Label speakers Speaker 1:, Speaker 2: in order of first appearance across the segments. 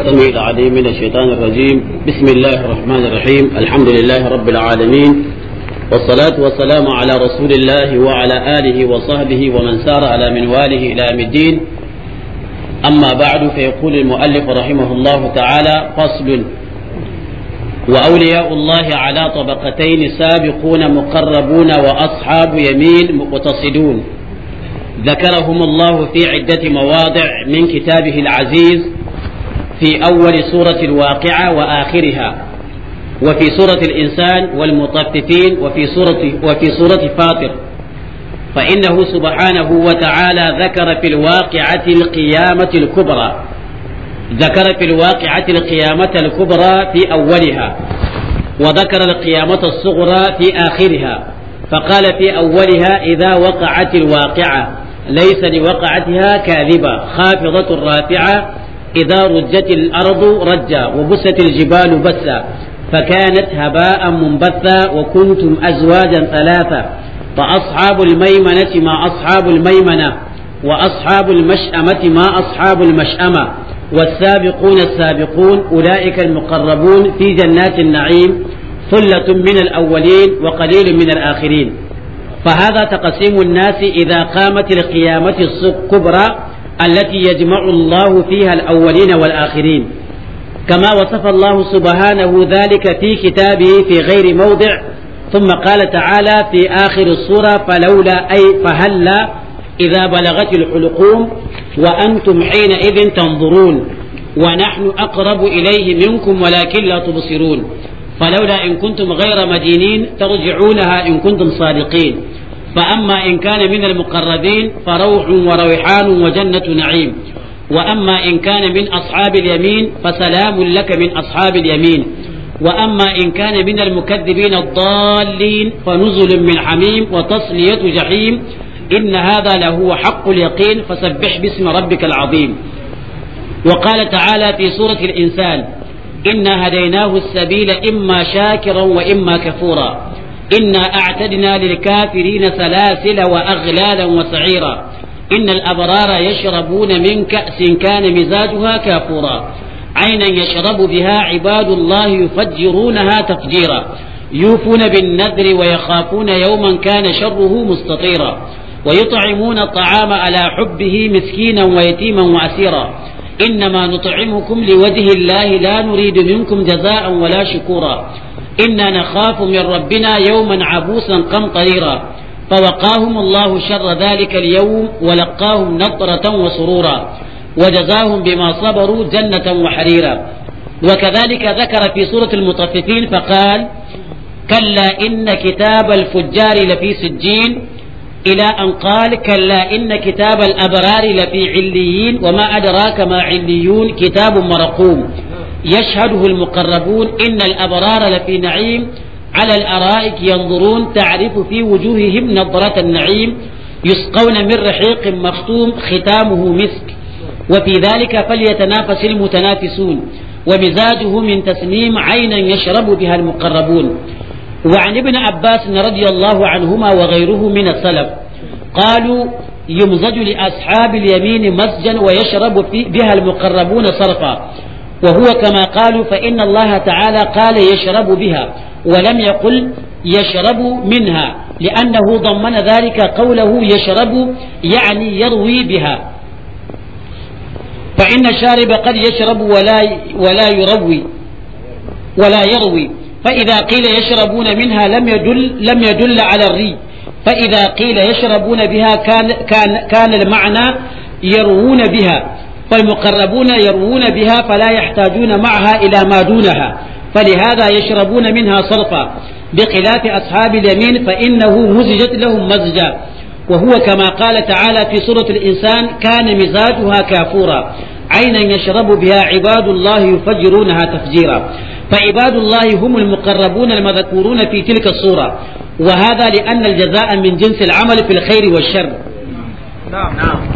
Speaker 1: السميع العظيم من الشيطان الرجيم بسم الله الرحمن الرحيم الحمد لله رب العالمين والصلاة والسلام على رسول الله وعلى آله وصحبه ومن سار على منواله إلى أم الدين أما بعد فيقول المؤلف رحمه الله تعالى فصل وأولياء الله على طبقتين سابقون مقربون وأصحاب يمين مقتصدون ذكرهم الله في عدة مواضع من كتابه العزيز في أول سورة الواقعة وآخرها وفي سورة الإنسان والمطففين وفي سورة وفي سورة فاطر فإنه سبحانه وتعالى ذكر في الواقعة القيامة الكبرى ذكر في الواقعة القيامة الكبرى في أولها وذكر القيامة الصغرى في آخرها فقال في أولها إذا وقعت الواقعة ليس لوقعتها كاذبة خافضة رافعة إذا رجت الأرض رجا وبست الجبال بسا فكانت هباء منبثا وكنتم أزواجا ثلاثة فأصحاب الميمنة ما أصحاب الميمنة وأصحاب المشأمة ما أصحاب المشأمة والسابقون السابقون أولئك المقربون في جنات النعيم ثلة من الأولين وقليل من الآخرين فهذا تقسيم الناس إذا قامت القيامة الكبرى التي يجمع الله فيها الأولين والآخرين كما وصف الله سبحانه ذلك في كتابه في غير موضع ثم قال تعالى في آخر الصورة فلولا أي فهلا إذا بلغت الحلقوم وأنتم حينئذ تنظرون ونحن أقرب إليه منكم ولكن لا تبصرون فلولا إن كنتم غير مدينين ترجعونها إن كنتم صادقين فأما إن كان من المقربين فروح وريحان وجنة نعيم وأما إن كان من أصحاب اليمين فسلام لك من أصحاب اليمين وأما إن كان من المكذبين الضالين فنزل من حميم وتصلية جحيم إن هذا لهو حق اليقين فسبح باسم ربك العظيم وقال تعالى في سورة الإنسان إنا هديناه السبيل إما شاكرا وإما كفورا إنا أعتدنا للكافرين سلاسل وأغلالا وسعيرا إن الأبرار يشربون من كأس كان مزاجها كافورا عينا يشرب بها عباد الله يفجرونها تفجيرا يوفون بالنذر ويخافون يوما كان شره مستطيرا ويطعمون الطعام على حبه مسكينا ويتيما واسيرا انما نطعمكم لوجه الله لا نريد منكم جزاء ولا شكورا إنا نخاف من ربنا يوما عبوسا قمطريرا فوقاهم الله شر ذلك اليوم ولقاهم نضرة وسرورا وجزاهم بما صبروا جنة وحريرا وكذلك ذكر في سورة المطففين فقال كلا إن كتاب الفجار لفي سجين إلى أن قال كلا إن كتاب الأبرار لفي عليين وما أدراك ما عليون كتاب مرقوم يشهده المقربون إن الأبرار لفي نعيم على الأرائك ينظرون تعرف في وجوههم نظرة النعيم يسقون من رحيق مختوم ختامه مسك وفي ذلك فليتنافس المتنافسون ومزاجه من تسنيم عينا يشرب بها المقربون وعن ابن عباس رضي الله عنهما وغيره من السلف قالوا يمزج لأصحاب اليمين مسجا ويشرب بها المقربون صرفا وهو كما قالوا فإن الله تعالى قال يشرب بها ولم يقل يشرب منها لأنه ضمن ذلك قوله يشرب يعني يروي بها فإن الشارب قد يشرب ولا ولا يروي ولا يروي فإذا قيل يشربون منها لم يدل لم يدل على الري فإذا قيل يشربون بها كان كان كان المعنى يروون بها فالمقربون يروون بها فلا يحتاجون معها إلى ما دونها فلهذا يشربون منها صرفا بخلاف أصحاب اليمين فإنه مزجت لهم مزجا وهو كما قال تعالى في سورة الإنسان كان مزاجها كافورا عينا يشرب بها عباد الله يفجرونها تفجيرا فعباد الله هم المقربون المذكورون في تلك الصورة وهذا لأن الجزاء من جنس العمل في الخير والشر
Speaker 2: نعم نعم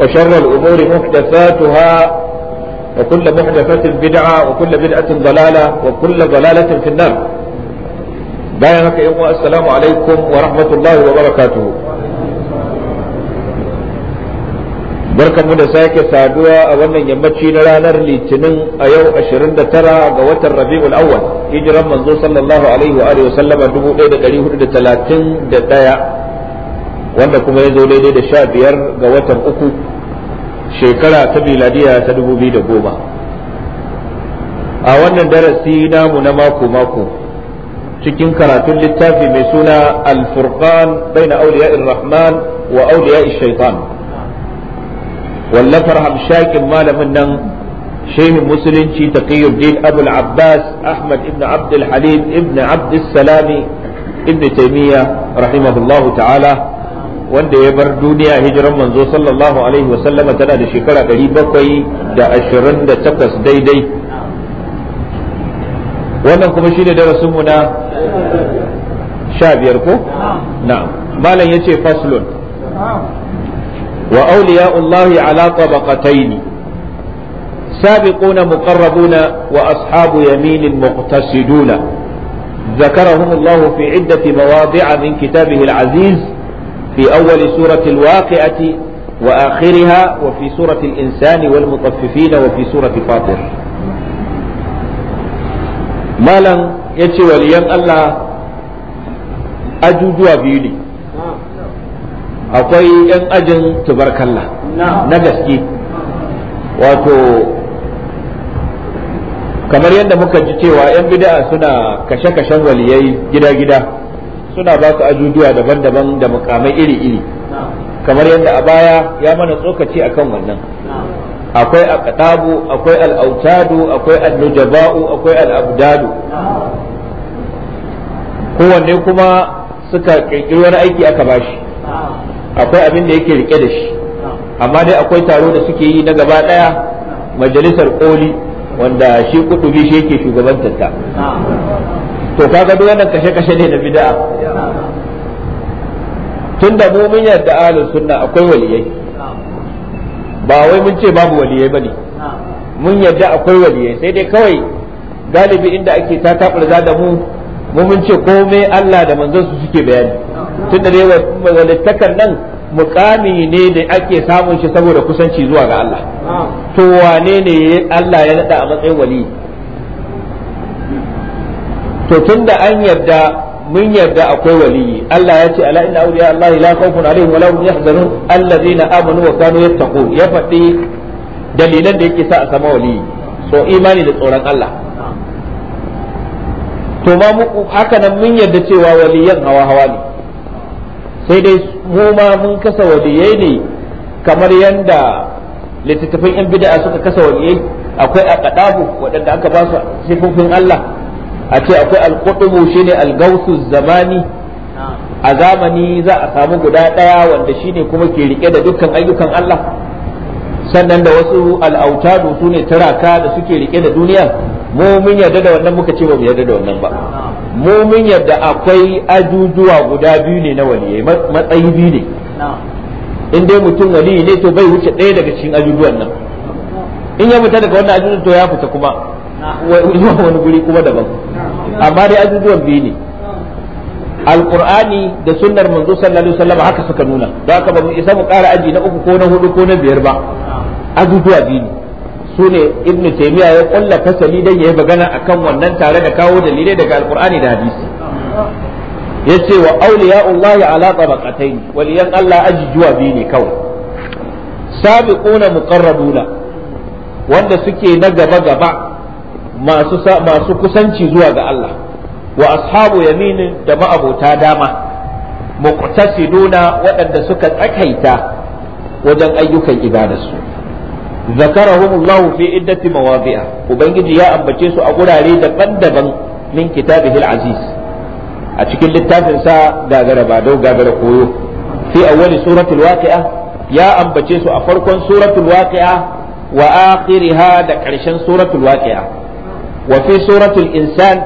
Speaker 3: وشر الأمور محدثاتها وكل محدثة بدعة وكل بدعة ضلالة وكل ضلالة في النار بيانك يوم السلام عليكم ورحمة الله وبركاته barkan mu da sake saduwa a wannan yammaci na ranar litinin a yau 29 ga watan rabi'ul awwal hijiran manzo sallallahu alaihi wa alihi wa sallama 1431 wanda kuma ya zo daidai da sha biyar ga watan uku shekara ta miladiya ta dubu biyu da goma a wannan darasi namu na mako-mako cikin karatun littafi mai suna alfurqan baina auliya'ir rahman wa auliya'ish shaitan wallafar hamshakin malamin nan شيخ musulunci تقي الدين أبو العباس أحمد ابن عبد الحليم ابن عبد السلام ابن تيمية رحمه الله تعالى wanda ya bar duniya hijiran manzo sallallahu alaihi wa sallama tana da shekara ɗari bakwai da da ashirin takwas daidai wannan kuma shi ne darasinmu na 15 ko na'am malam ya ce faslun wa awliya'ullahi ala tabaqataini سابقون مقربون وأصحاب يمين مقتصدون ذكرهم الله في عدة مواضع من كتابه العزيز في أول سورة الواقعة وآخرها وفي سورة الإنسان والمطففين وفي سورة فاطر مالا يتي وليان الله أجوجوا بيدي akwai 'yan ajin tubarkalla na gaske wato kamar yadda muka ji cewa 'yan bida'a suna kashe-kashen waliyai gida-gida suna ba su ajujuwa daban-daban da mukamai iri-iri kamar yadda a baya ya mana tsokaci akan wannan akwai aqtabu akwai al'autadu akwai al'ujaba'u akwai al'abudadu kowanne kuma suka kirkiri wani aiki aka bashi akwai abin da yake rike da shi amma dai akwai taro da suke yi na gaba daya majalisar koli wanda shi kudubi shi yake shugabantarta. to kaga duk wannan kashe-kashe ne na bid'a tunda mu mun yarda ahlus sunna akwai waliyai ba wai mun ce babu waliyai bane mun yarda akwai waliyai sai dai kawai galibi inda ake ta taburza da mu mu mun ce komai Allah da manzon su suke bayani tunda dai walittakar nan mukami ne da ake samun shi saboda kusanci zuwa ga Allah to wane ne Allah ya nada a matsayin wali to tunda an yarda mun yarda akwai waliyi Allah ya ce ala inna awliya Allah la khawfun alaihim wa la hum yahzanun allazina amanu wa kanu yattaqun ya faɗi dalilan da yake sa a sama waliyi so imani da tsoron Allah to ma mu haka nan mun yarda cewa waliyan hawa hawa ne sai dai mu ma mun kasa waliyai ne kamar yanda littattafan yan bid'a suka kasa waliyai akwai aqdabu waɗanda aka ba su sifofin Allah a ce akwai alqutubu shine algausu zamani a zamani za a samu guda ɗaya wanda shine kuma ke rike da dukkan ayyukan Allah sannan da wasu al'autadu su ne turaka da suke rike da duniya mu mun yarda da wannan muka ce ba mu yarda da wannan ba mu mun yarda akwai ajujuwa guda biyu ne na waliyai matsayi biyu ne in dai mutum waliyi ne to bai wuce ɗaya daga cikin ajujuwan nan in ya fita daga wannan ajujuwan to ya fita kuma wani guri kuma daban amma dai abubuwan biyu ne alqur'ani da sunnar manzo sallallahu alaihi wasallam haka suka nuna don haka ba mu isa mu ƙara aji na uku ko na hudu ko na biyar ba abubuwa biyu ne su ne ibnu taymiya ya kulla fasali dan yayi magana akan wannan tare da kawo dalilai daga alqur'ani da hadisi yace wa alaƙa ala tabaqatayn waliyan Allah ajijuwa biyu ne kawai sabiquna muqarrabuna wanda suke na gaba gaba masu kusanci zuwa ga Allah wa ashabu yaminin da ma'abota dama nuna waɗanda suka tsakaita wajen ayyukan ibadarsu zakarahum Allah fi iddati ubangiji ya ambace su a gurare daban-daban min kitabihi aziz a cikin littafin sa gagara ba dau gagara koyo fi awwali suratul waqi'a ya ambace su a farkon suratul waqi'a wa da ƙarshen suratul waqi'a wa suratul insan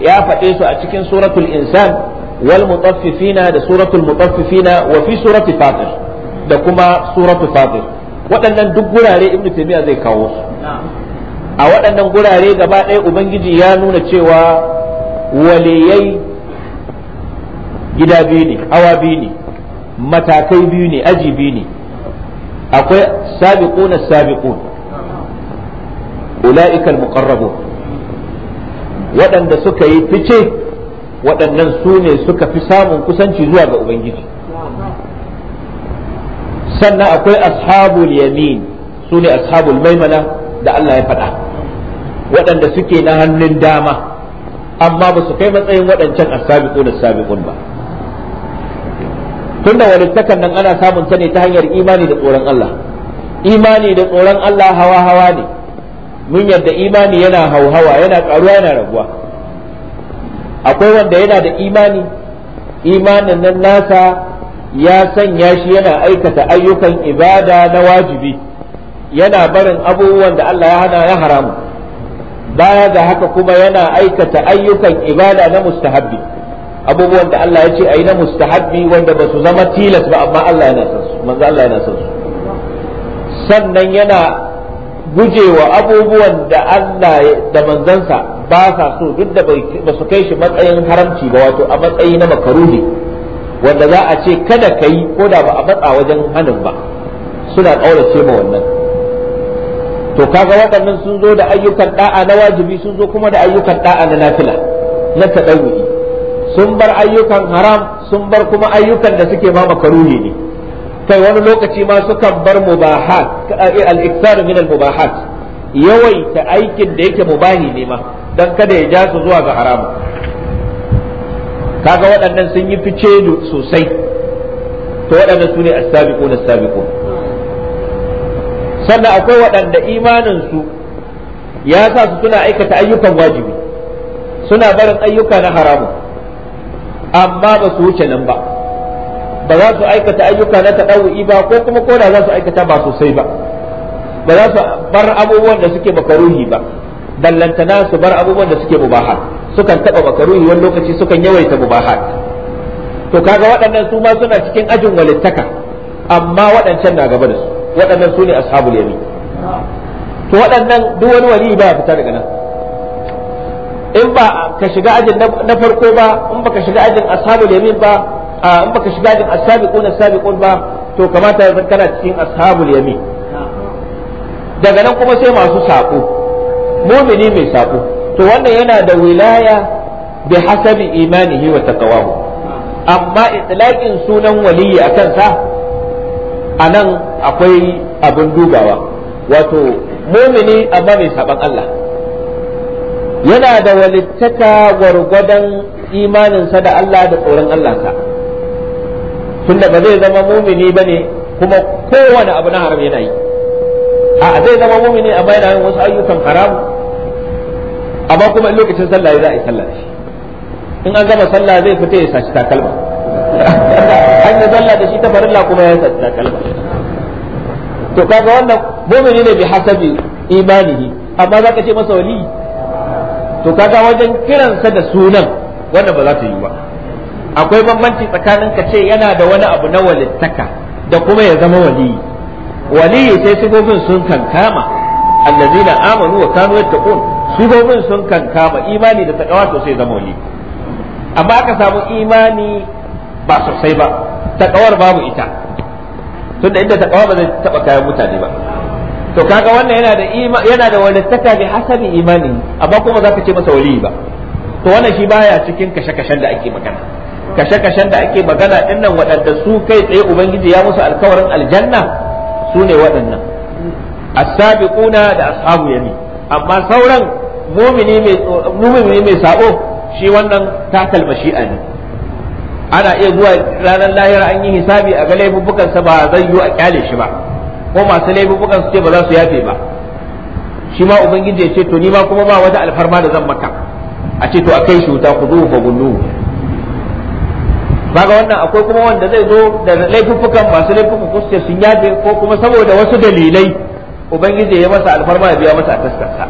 Speaker 3: ya faɗe su a cikin suratul insan wal mutaffifina da suratul mutaffifina wa fi suratul fatir da kuma suratul fatir waɗannan duk gurare ibnu taymiya zai kawo su a waɗannan gurare gaba ɗaya ubangiji ya nuna cewa waliyai gida biyu ne hawa biyu ne matakai biyu ne aji biyu ne akwai sabiquna sabiqun ula'ikal muqarrabun waɗanda suka yi fice waɗannan su ne suka fi samun kusanci zuwa ga ubangiji sannan akwai ashabul yamin su ne ashabul maimana da Allah ya faɗa waɗanda suke na hannun dama amma ba su kai matsayin waɗancan da asabiqun ba tunda walittakan nan ana samun ta ne ta hanyar imani da tsoron Allah imani da tsoron Allah hawa hawa ne mun yadda imani yana hauhawa yana karuwa yana raguwa akwai wanda yana da imani imanin nan nasa ya sanya shi yana aikata ayyukan ibada na wajibi yana barin abubuwan da Allah ya hana ya haramu baya ga haka kuma yana aikata ayyukan ibada na mustahabbi abubuwan da Allah ya ce ayi na mustahabbi wanda ba su zama tilas ba amma Allah yana san su manzo Allah yana san su sannan yana gujewa abubuwan da Allah da manzansa ba sa so duk da ba su kai shi matsayin haramci ba wato a matsayi na makaruhi wanda za a ce kada ka yi ko da ba a matsa wajen hanin ba suna ƙaurace ma wannan to kaga waɗannan sun zo da ayyukan ɗa'a na wajibi sun zo kuma da ayyukan ɗa'a na nafila na tadawwi sun bar ayyukan haram sun bar kuma ayyukan da suke ma makaruhi ne kai wani lokaci ma kan bar mubahat eh, al-iktar min al-mubahat yawaita aikin da yake mubahi ne ma dan kada ya ja su zuwa ga haramu kaga waɗannan sun yi fice sosai to waɗannan su ne as-sabiqun as-sabiqun sannan akwai waɗanda imanin su ya sa su suna aikata ayyukan wajibi suna barin ayyuka na haramu amma ba su wuce nan ba ba za su aikata ayyuka na taɗawu'i ba ko kuma koda za su aikata ba sosai ba ba za su bar abubuwan da suke makaruhi ba ballantana su bar abubuwan da suke mubaha sukan taɓa makaruhi wani lokaci sukan yawaita mubaha to kaga waɗannan su ma suna cikin ajin walittaka amma waɗancan na gaba da su waɗannan su ne ashabul yamin to waɗannan duk wani wali ba ya fita daga nan in ba ka shiga ajin na farko ba in ba ka shiga ajin ashabul yamin ba in baka shiga din asabiqun na ba to kamata ya kana cikin ashabul yamin daga nan kuma sai masu sako mumini mai sako to wannan yana da wilaya bi hasabi imanihi wa taqwahu amma itlaqin sunan wali akan sa anan akwai abin dubawa wato mumini amma mai saban Allah yana da walittaka gwargwadon imaninsa da Allah da tsoron Allah ka tunda ba zai zama mumini bane kuma kowane abu na haram yana yi a zai zama mumini amma yana yin wasu ayyukan haramu amma kuma lokacin sallah za a yi sallah shi in an gama sallah zai fita ya saci takalma an yi sallah da shi ta farilla kuma ya saci takalma to kaga wannan mumini ne bi hasabi imanihi amma za ka ce masa wali to kaga wajen kiransa da sunan wannan ba za ta yi ba akwai bambanci tsakanin ka ce yana da wani abu na walittaka da kuma ya zama wali waliyi sai sigofin sun kankama allazina amanu wa kanu yattaqun sigofin sun kankama imani da takawa to sai zama wali amma aka samu imani ba sosai ba takawar babu ita tunda inda takawa ba zai taba kayan mutane ba to kaga wannan yana da yana da walittaka bi hasabi imani amma kuma zaka ce masa wali ba to wannan shi baya cikin kashe-kashen da ake magana kashe-kashen da ake magana din nan waɗanda su kai tsaye ubangiji ya musu alkawarin aljanna su ne waɗannan as-sabiquna da ashabu yamin amma sauran mumini mai mai sabo shi wannan takal mashi'a ne ana iya zuwa ranar lahira an yi hisabi a ga laifukan sa ba zai yi a kyale shi ba ko masu laifukan su ce ba za su yafe ba shi ma ubangiji ya ce to ni ma kuma ba wata alfarma da zan maka a ce to akai shi wuta ku zo ku gullu baga wannan akwai kuma wanda zai zo da laifuffukan masu laifukan kusa sun yaje ko kuma saboda wasu dalilai ubangiji ya masa alfarma ya biya masa taskarsa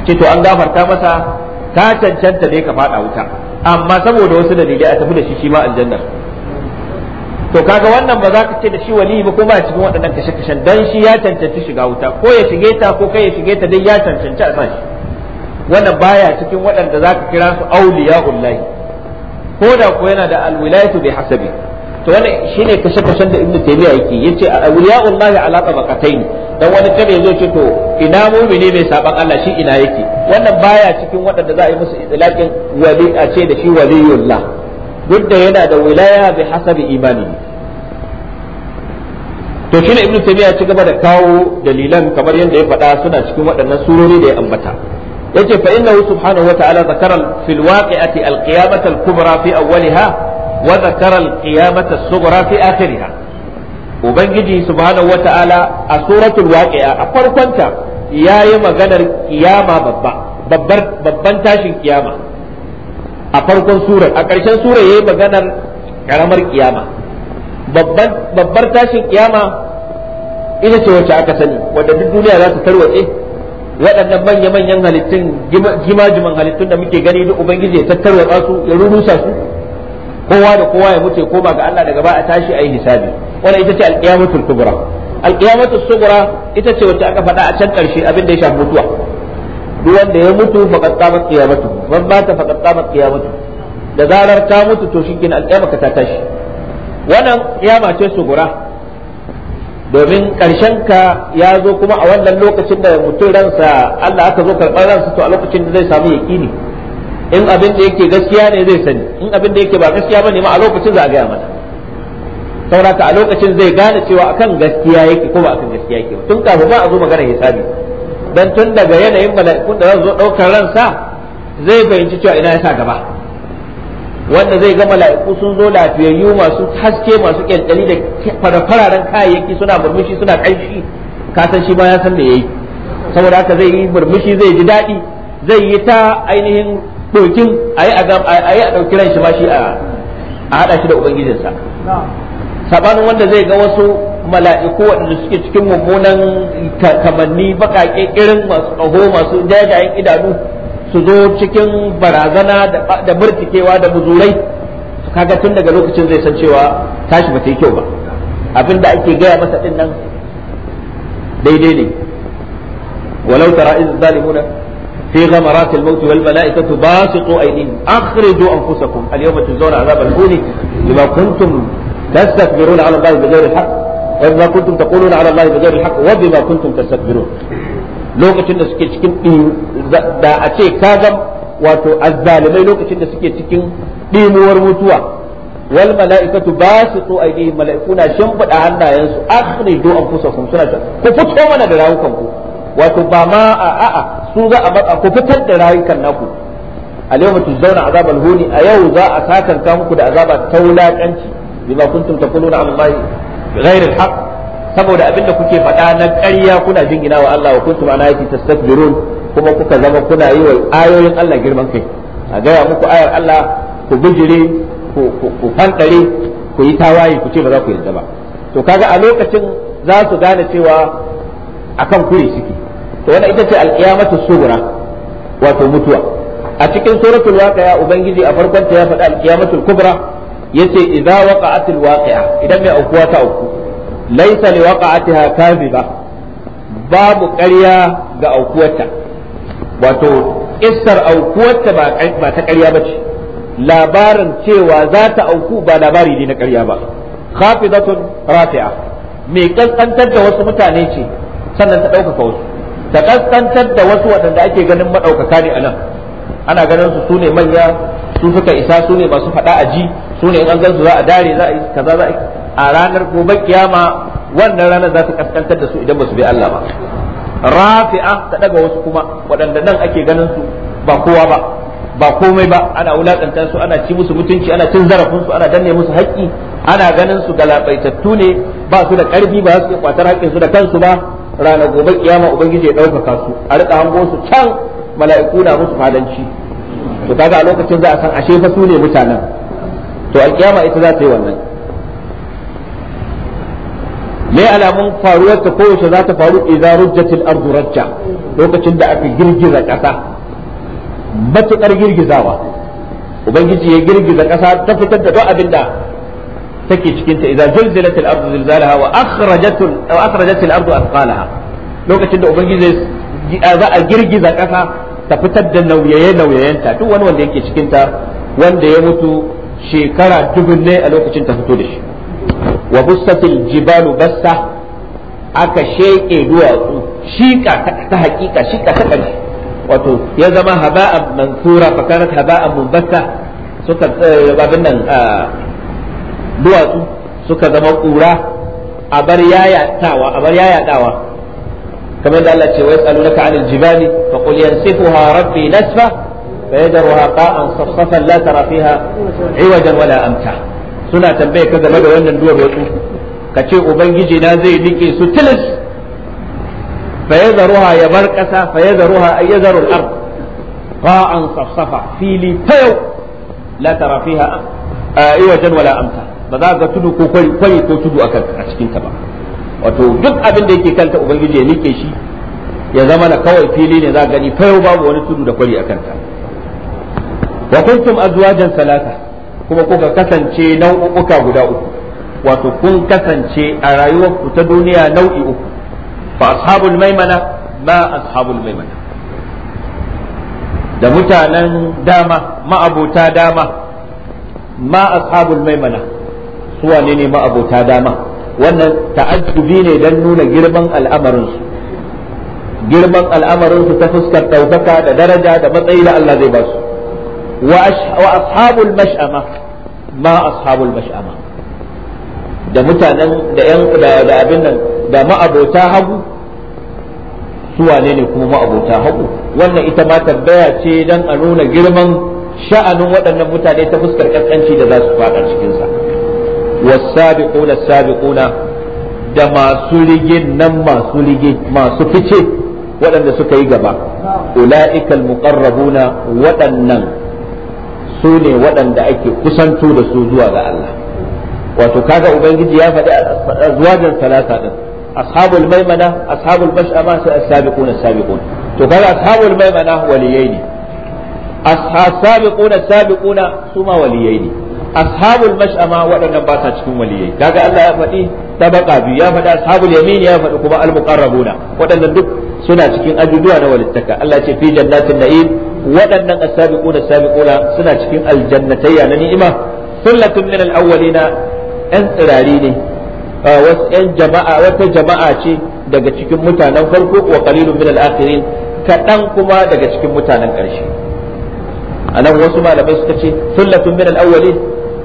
Speaker 3: a ce to an gafarta masa ta cancanta dai ka fada wuta amma saboda wasu dalilai a tafi da shi shi ma aljannar to kaga wannan ba za ka ce da shi wali ba kuma a cikin waɗannan kashe-kashen dan shi ya cancanci shiga wuta ko ya shige ta ko kai ya shige ta dai ya cancanci a sa shi wannan baya cikin waɗanda za ka kira su auliya ullahi ko da ko yana da alwilayatu bi hasabi to wannan shine kashe kashen da ibnu taymiya yake yace awliya'ullahi ala tabaqatayn dan wani tabe yazo ce to ina mu'mini mai saban Allah shi ina yake wannan baya cikin waɗanda za a yi musu itlaqin wali a ce da shi waliyullah duk da yana da wilaya bi hasabi imani to shine ibnu taymiya ci gaba da kawo dalilan kamar yadda ya faɗa suna cikin waɗannan surori da ya ambata yace fa innahu subhanahu wata'ala zakara fil waqi'ati al qiyamata al kubra fi awwaliha wa zakara al qiyamata as sughra fi akhiriha ubangiji subhanahu wata'ala a suratul waqi'a a farkonta yayi maganar kiyama babba babbar babban tashin kiyama a farkon surar a ƙarshen surar yayi maganar karamar kiyama babbar tashin kiyama ita ce wacce aka sani wadda duk duniya za ta tarwatse waɗannan manya-manyan halittun jimajiman halittun da muke gani duk ubangiji ya ya su ya rurusa su kowa da kowa ya mutu ya koma ga Allah daga ba a tashi a yi hisabi wannan ita ce alƙiyamatul kubra alƙiyamatul sugura ita ce wacce aka faɗa a can ƙarshe abin da ya shafi mutuwa duk wanda ya mutu faqad qamat qiyamatu man mata faqad qamat qiyamatu da zarar ta mutu to shi kin alƙiyama ka ta tashi wannan kiyama ce sugura domin karshen ka ya zo kuma a wannan lokacin da mutum ransa Allah aka zo karɓar ransa to a lokacin da zai samu ne. in abin da yake gaskiya ne zai sani in abin da yake ba gaskiya ba ne ma a lokacin za a gaya mata saboda a lokacin zai gane cewa akan gaskiya yake ko ba akan gaskiya yake tun kafin ba a zo magana hisabi dan tun daga yanayin mala'ikun da zan zo ɗaukar ransa zai bayyanci cewa ina ya sa gaba wanda zai ga mala'iku sun zo lafiyayyu masu haske masu kyalkyali da fararen kayayyaki suna murmushi suna ƙanshi ka san shi ba ya san da yayi saboda haka zai yi murmushi zai ji daɗi zai yi ta ainihin ɗokin a yi a ɗauki ran shi ma shi a haɗa shi da ubangijinsa sabanin wanda zai ga wasu mala'iku waɗanda suke cikin mummunan kamanni baƙaƙe irin masu ƙaho masu jajayen idanu su zo cikin barazana da murtikewa da buzurai su kaga tun daga lokacin zai san cewa tashi ba ta yi kyau ba abin da ake gaya masa din nan daidai ne walau tara iz zalimuna fi ghamarat al-maut wal mala'ikatu basitu aydin akhriju anfusakum al-yawma tuzawna 'adhab al-huni bima kuntum tastakbiruna 'ala Allah bighayri al-haqq wa bima kuntum وبما كنتم تقولون على al-haqq wa bima kuntum tastakbiruna lokacin da suke cikin da a ce ka ga wato azzalimai lokacin da suke cikin dimuwar mutuwa wal mala'ikatu basitu aydihim mala'ikuna do an akhriju anfusakum suna ta ku fito mana da rayukan ku wato ba ma a a'a su za a ku fitar da rayukan naku al-yawma tujzauna azab al a yau za a sakanka muku da azaba ta wulakanci bima kuntum taquluna amma ghayr al-haqq saboda abinda kuke faɗa na ƙarya kuna jingina wa Allah wa kuntum ana yati tastakbirun kuma kuka zama kuna yi wa ayoyin Allah girman kai a gaya muku ayar Allah ku bijire ku fantare ku yi tawaye ku ce ba za ku yarda ba to kaga a lokacin za su gane cewa akan kure suke to wannan ita ce alkiyamatu sugura wato mutuwa a cikin suratul waqi'a ubangiji a farkon ta ya faɗa alkiyamatul kubra yace idza waqa'atil waqi'a idan mai aukuwa ta auku laisa li waqa'atiha kadhiba babu ƙarya ga aukuwarta wato isar aukuwarta ba ta ƙarya bace labarin cewa za ta auku ba labari ne na ƙarya ba khafidatun rafi'a mai kaskantar da wasu mutane ce sannan ta ɗaukaka wasu ta kaskantar da wasu waɗanda ake ganin maɗaukaka ne a nan ana ganin su sune manya su suka isa su ne masu faɗa a ji su ne in an gan su za a dare za a yi kaza za a yi a ranar gobe kiyama wannan ranar za ta kaskantar da su idan ba su bi Allah ba rafi'a ta daga wasu kuma waɗanda nan ake ganin su ba kowa ba ba komai ba ana wulakanta su ana ci musu mutunci ana cin zarafin su ana danne musu haƙƙi ana ganin su galabaitattu ne ba su da ƙarfi ba su kwatar haƙƙin su da kansu ba ranar gobe kiyama ubangiji ya ɗaukaka su a riƙa hango su can mala'iku na musu fadanci to kaga a lokacin za a san ashe fa su ne mutanen to alƙiyama ita za ta yi wannan me alamun faruwar ta kowace za ta faru idza rujjatil ardu rajja lokacin da aka girgiza ƙasa matuƙar girgizawa ubangiji ya girgiza ƙasa ta fitar da duk abin da take cikin ta idza zulzilatil ardu zilzalaha wa akhrajatul aw akhrajatil ardu athqalaha lokacin da ubangiji za a girgiza ƙasa ta fitar da nauyaye nauyayenta duk wani wanda yake cikin ta wanda ya mutu shekara dubun ne a lokacin ta fito da shi wa bussatil jibalu bassa aka sheke duwatsu shika ta hakika shika ta ƙarshe wato ya zama haba'a mansura fa kanat haba'an munbassa suka eh, abin nan ah, duwatsu suka zama ƙura a bar yayatawa a bar yayatawa kamar da Allah ce wa yas'alunaka 'anil jibali fa qul yansifuha rabbi nasfa فيذرها قاء صفصفا لا ترى فيها عوجا ولا أمتعا suna tambaye ka game da wannan duwar wasu ka ce ubangiji na zai rike su tilis fa yazaruha ya bar kasa fa yazaruha ay yazaru al-ard qa'an safsafa fili tayu la tara fiha iwajan wala amta ba za ga tudu ko kwari kwari ko tudu akan a cikin ta ba wato duk abin da yake kanta ubangiji ya rike shi ya zama na kawai fili ne za gani fayo babu wani tudu da kwari akan ta wa kuntum azwajan salata kuma kuka kasance nau'uka guda uku wato kun kasance a rayuwarku ta duniya nau'i uku fa ashabul maimana ma ashabul maimana da mutanen dama ma'abota dama ma ashabul maimana su wane ne ma'abota dama wannan ta'ajjubi ne don nuna girman al'amarinsu girman al'amarinsu ta fuskar ɗaukaka da daraja da matsayi da Allah zai ba su wa ashabul mash'ama ma da mutanen da yan da abin nan da ma'abota hagu su ne kuma ma'abota hagu wannan ita ma tambaya ce dan a nuna girman sha'anin waɗannan mutane ta fuskar ƙasƙanci da za su faɗa cikinsa wasabiquna sabiquna da masu rigin nan masu rigin masu fice waɗanda suka yi gaba ula'ikal muƙarrabuna waɗannan su ne waɗanda ake kusanto da su zuwa ga Allah wato kaga ubangiji ya faɗi azwajan talata din ashabul maimana ashabul mash'ama sai as-sabiquna as-sabiqun to kaga ashabul maimana waliyai ne as-sabiquna as-sabiquna suma waliyai ne ashabul mash'ama waɗannan ba sa cikin waliyai kaga Allah ya faɗi tabaqa biyu ya faɗi ashabul yamin ya faɗi kuma al-muqarrabuna waɗannan duk suna cikin ajujuwa na walittaka Allah ce fi jannatin na'im waɗannan as-sabiquna sabiquna suna cikin aljannatayya na ni'ima sullatun min al-awwalina tsirari ne wasu ɗan jama'a wata jama'a ce daga cikin mutanen farko wa qalilun min al kaɗan kuma daga cikin mutanen ƙarshe anan wasu malamai suka ce sullatun min al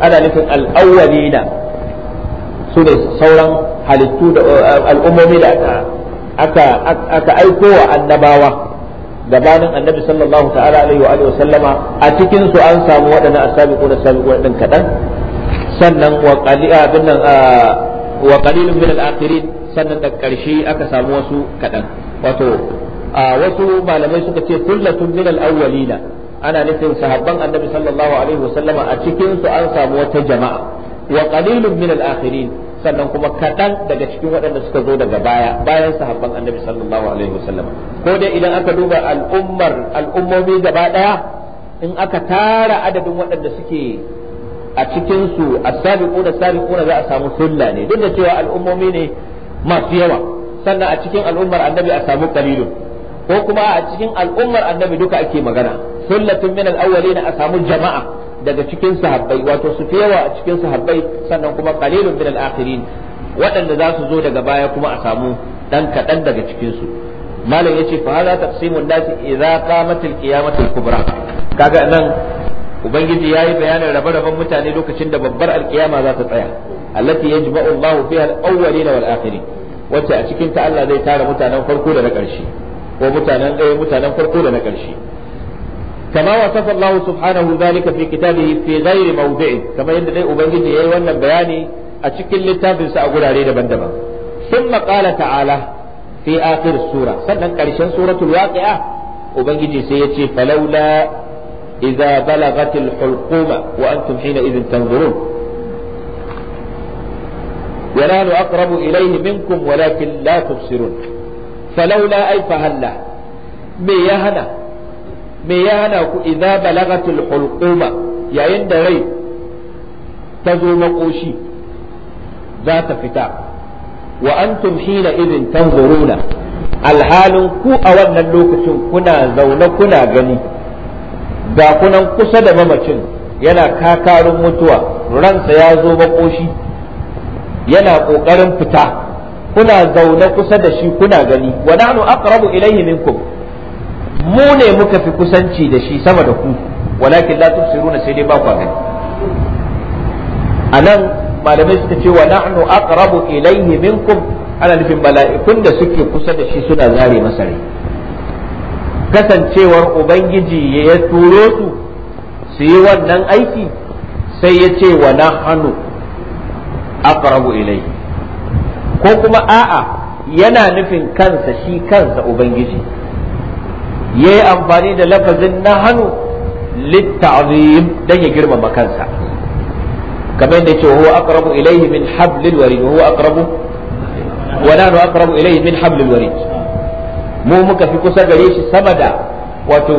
Speaker 3: ana nufin al-awwalina su ne sauran halittu da al'ummomi da aka aiko wa annabawa gabanin annabi sallallahu ta'ala alaihi wa sallama a cikin su an samu waɗannan asabiquna sabiquna din kadan sannan wa qalila bin nan wa qalilun min al-akhirin sannan da ƙarshe aka samu wasu kadan wato wasu malamai suka ce kullatun min al-awwalina ana nufin sahabban annabi sallallahu alaihi wa sallama a cikin su an samu wata jama'a wa qalilun min al-akhirin sannan kuma kaɗan daga cikin waɗanda suka zo daga baya bayan sahabban annabi sallallahu alaihi wasallam ko dai idan aka duba al'ummar al'ummomi gaba ɗaya in aka tara adadin waɗanda suke a cikin su as-sabiquna sabiquna za a samu sulla ne duk da cewa al'ummomi ne masu yawa sannan a cikin al'ummar annabi a samu qalilun ko kuma a cikin al'ummar annabi duka ake magana sullatun min al-awwalin a samu jama'a daga cikin sahabbai wato su fi yawa a cikin sahabbai sannan kuma qalilun min al-akhirin waɗanda za su zo daga baya kuma a samu dan kaɗan daga cikin su malam yace fa hadha taqsimun nas idza qamat al-qiyamah al-kubra kaga nan ubangiji yayi bayanin rabe-raben mutane lokacin da babbar alkiyama za ta tsaya allati yajma'u Allah fiha al-awwalin wal akhirin wacce a cikin ta Allah zai tara mutanen farko da na ƙarshe ko mutanen ɗaya eh, mutanen farko da na ƙarshe كما وصف الله سبحانه ذلك في كتابه في غير موضعه كما يندى أبنجي يأي وانا بياني أشكل لتاب سأقول عليه دبندبا ثم قال تعالى في آخر السورة سنن كرشان سورة الواقعة أبنجي سيتي فلولا إذا بلغت الحلقومة وأنتم حينئذ تنظرون ونحن أقرب إليه منكم ولكن لا تبصرون فلولا أي فهلا me ya hana me ya hana ku idza balagatul hulquma yayin da rai ta zo makoshi za ta fita wa antum hina idin tanzuruna alhalin ku a wannan lokacin kuna zaune kuna gani ga kunan kusa da mamacin yana kakarun mutuwa ransa ya zo makoshi yana ƙoƙarin fita kuna zaune kusa da shi kuna gani wa nahnu aqrabu ilayhi minkum mu ne muka fi kusanci da shi sama da ku walakin la tubsiruna sai dai ba ku gani anan malamai suka ce wa nahnu aqrabu ilayhi minkum ana nufin bala'ikun da suke kusa da shi suna zare masa kasancewar ubangiji ya turo su su yi wannan aiki sai ya ce wa nahnu aqrabu ilayhi ko kuma a'a yana nufin kansa shi kansa ubangiji ya yi amfani da lafazin na hannu litta'zim dan ya girmama kansa kamar yadda ce huwa aqrabu ilayhi min hablil warid huwa aqrabu wa nahnu aqrabu ilayhi min hablil warid mu muka fi kusa gare shi sama da wato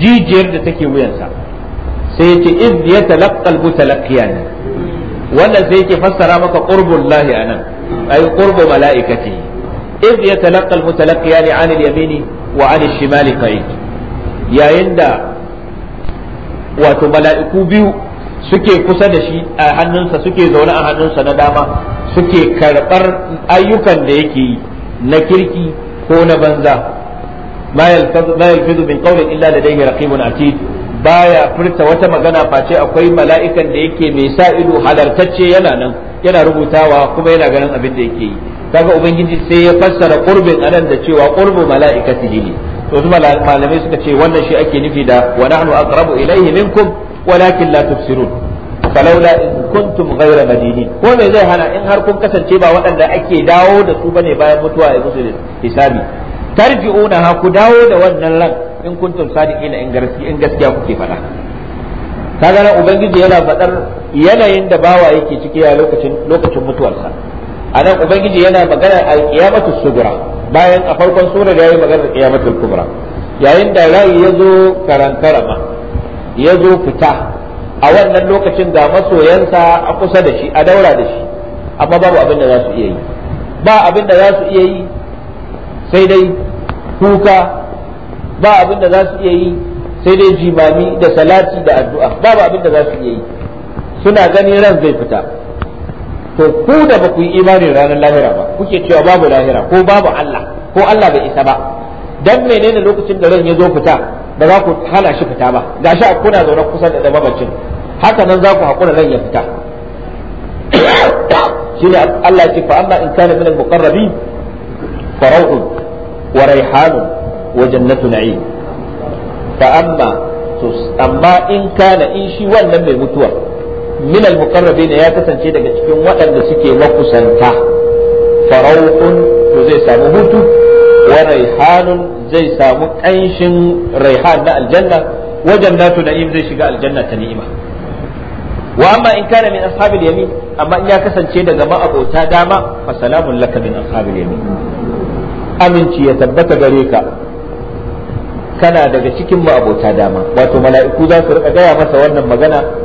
Speaker 3: jijiyar da take wuyansa sai yace iz yatalaqqa al-mutalaqqiyan wannan sai yake fassara maka qurbul lahi anan ay qurbu malaikati iz yatalaqqa al-mutalaqqiyan 'an al-yamini wa an shimali qa'id yayin da wato mala'iku biyu suke kusa da shi a hannunsa suke zaune a hannunsa na dama suke karɓar ayyukan da yake yi na kirki ko na banza ma yalfizu min qawlin illa ladayhi raqibun atid baya furta wata magana face akwai mala'ikan da yake mai sa ido halartacce yana nan yana rubutawa kuma yana ganin abin da yake yi kaga ubangiji sai ya fassara qurbin anan da cewa qurbu mala'ikatihi ne to kuma malamai suka ce wannan shi ake nufi da wa nahnu aqrabu ilayhi minkum walakin la tubsirun falaula in kuntum ghayra madinin ko me zai hana in har kun kasance ba waɗanda ake dawo da su bane bayan mutuwa ya musu hisabi tarji'una ha ku dawo da wannan ran in kuntum sadiqina in gaskiya in gaskiya kuke faɗa kaga ubangiji yana faɗar yanayin da bawa yake ciki a lokacin lokacin mutuwarsa anan ubangiji yana magana alqiyamatu sugura bayan a farkon surar yayi magana alqiyamatu kubra yayin da rayi yazo karankarama yazo fita a wannan lokacin ga masoyansa a kusa da shi a daura da shi amma babu abin da za su iya yi ba abin da za su iya yi sai dai kuka ba abin da za su iya yi sai dai jimami da salati da addu'a babu abin da za su iya yi suna ganin ran zai fita to ku da ba ku yi imani ranar lahira ba kuke cewa babu lahira ko babu Allah ko Allah bai isa ba dan menene lokacin da ran ya zo fita ba za ku hana shi fita ba gashi a kuna zaune kusa da mamacin haka nan za ku hakura ran ya fita shine Allah ce fa amma in kana min al-muqarrabin fa wa rayhanun wa jannatu na'im fa amma amma in kana in shi wannan mai mutuwa Minal al-muqarrabin ya kasance daga cikin waɗanda suke makusanta farauhun to zai samu hutu wa raihanun zai samu ƙanshin raihan na aljanna wa jannatu na'im zai shiga aljanna ta ni'ima wa amma in kana min ashabil yamin amma in ya kasance daga ma'abota dama fa salamun laka min ashabil yamin aminci ya tabbata gare ka kana daga cikin ma'abota dama wato mala'iku za su riƙa gaya masa wannan magana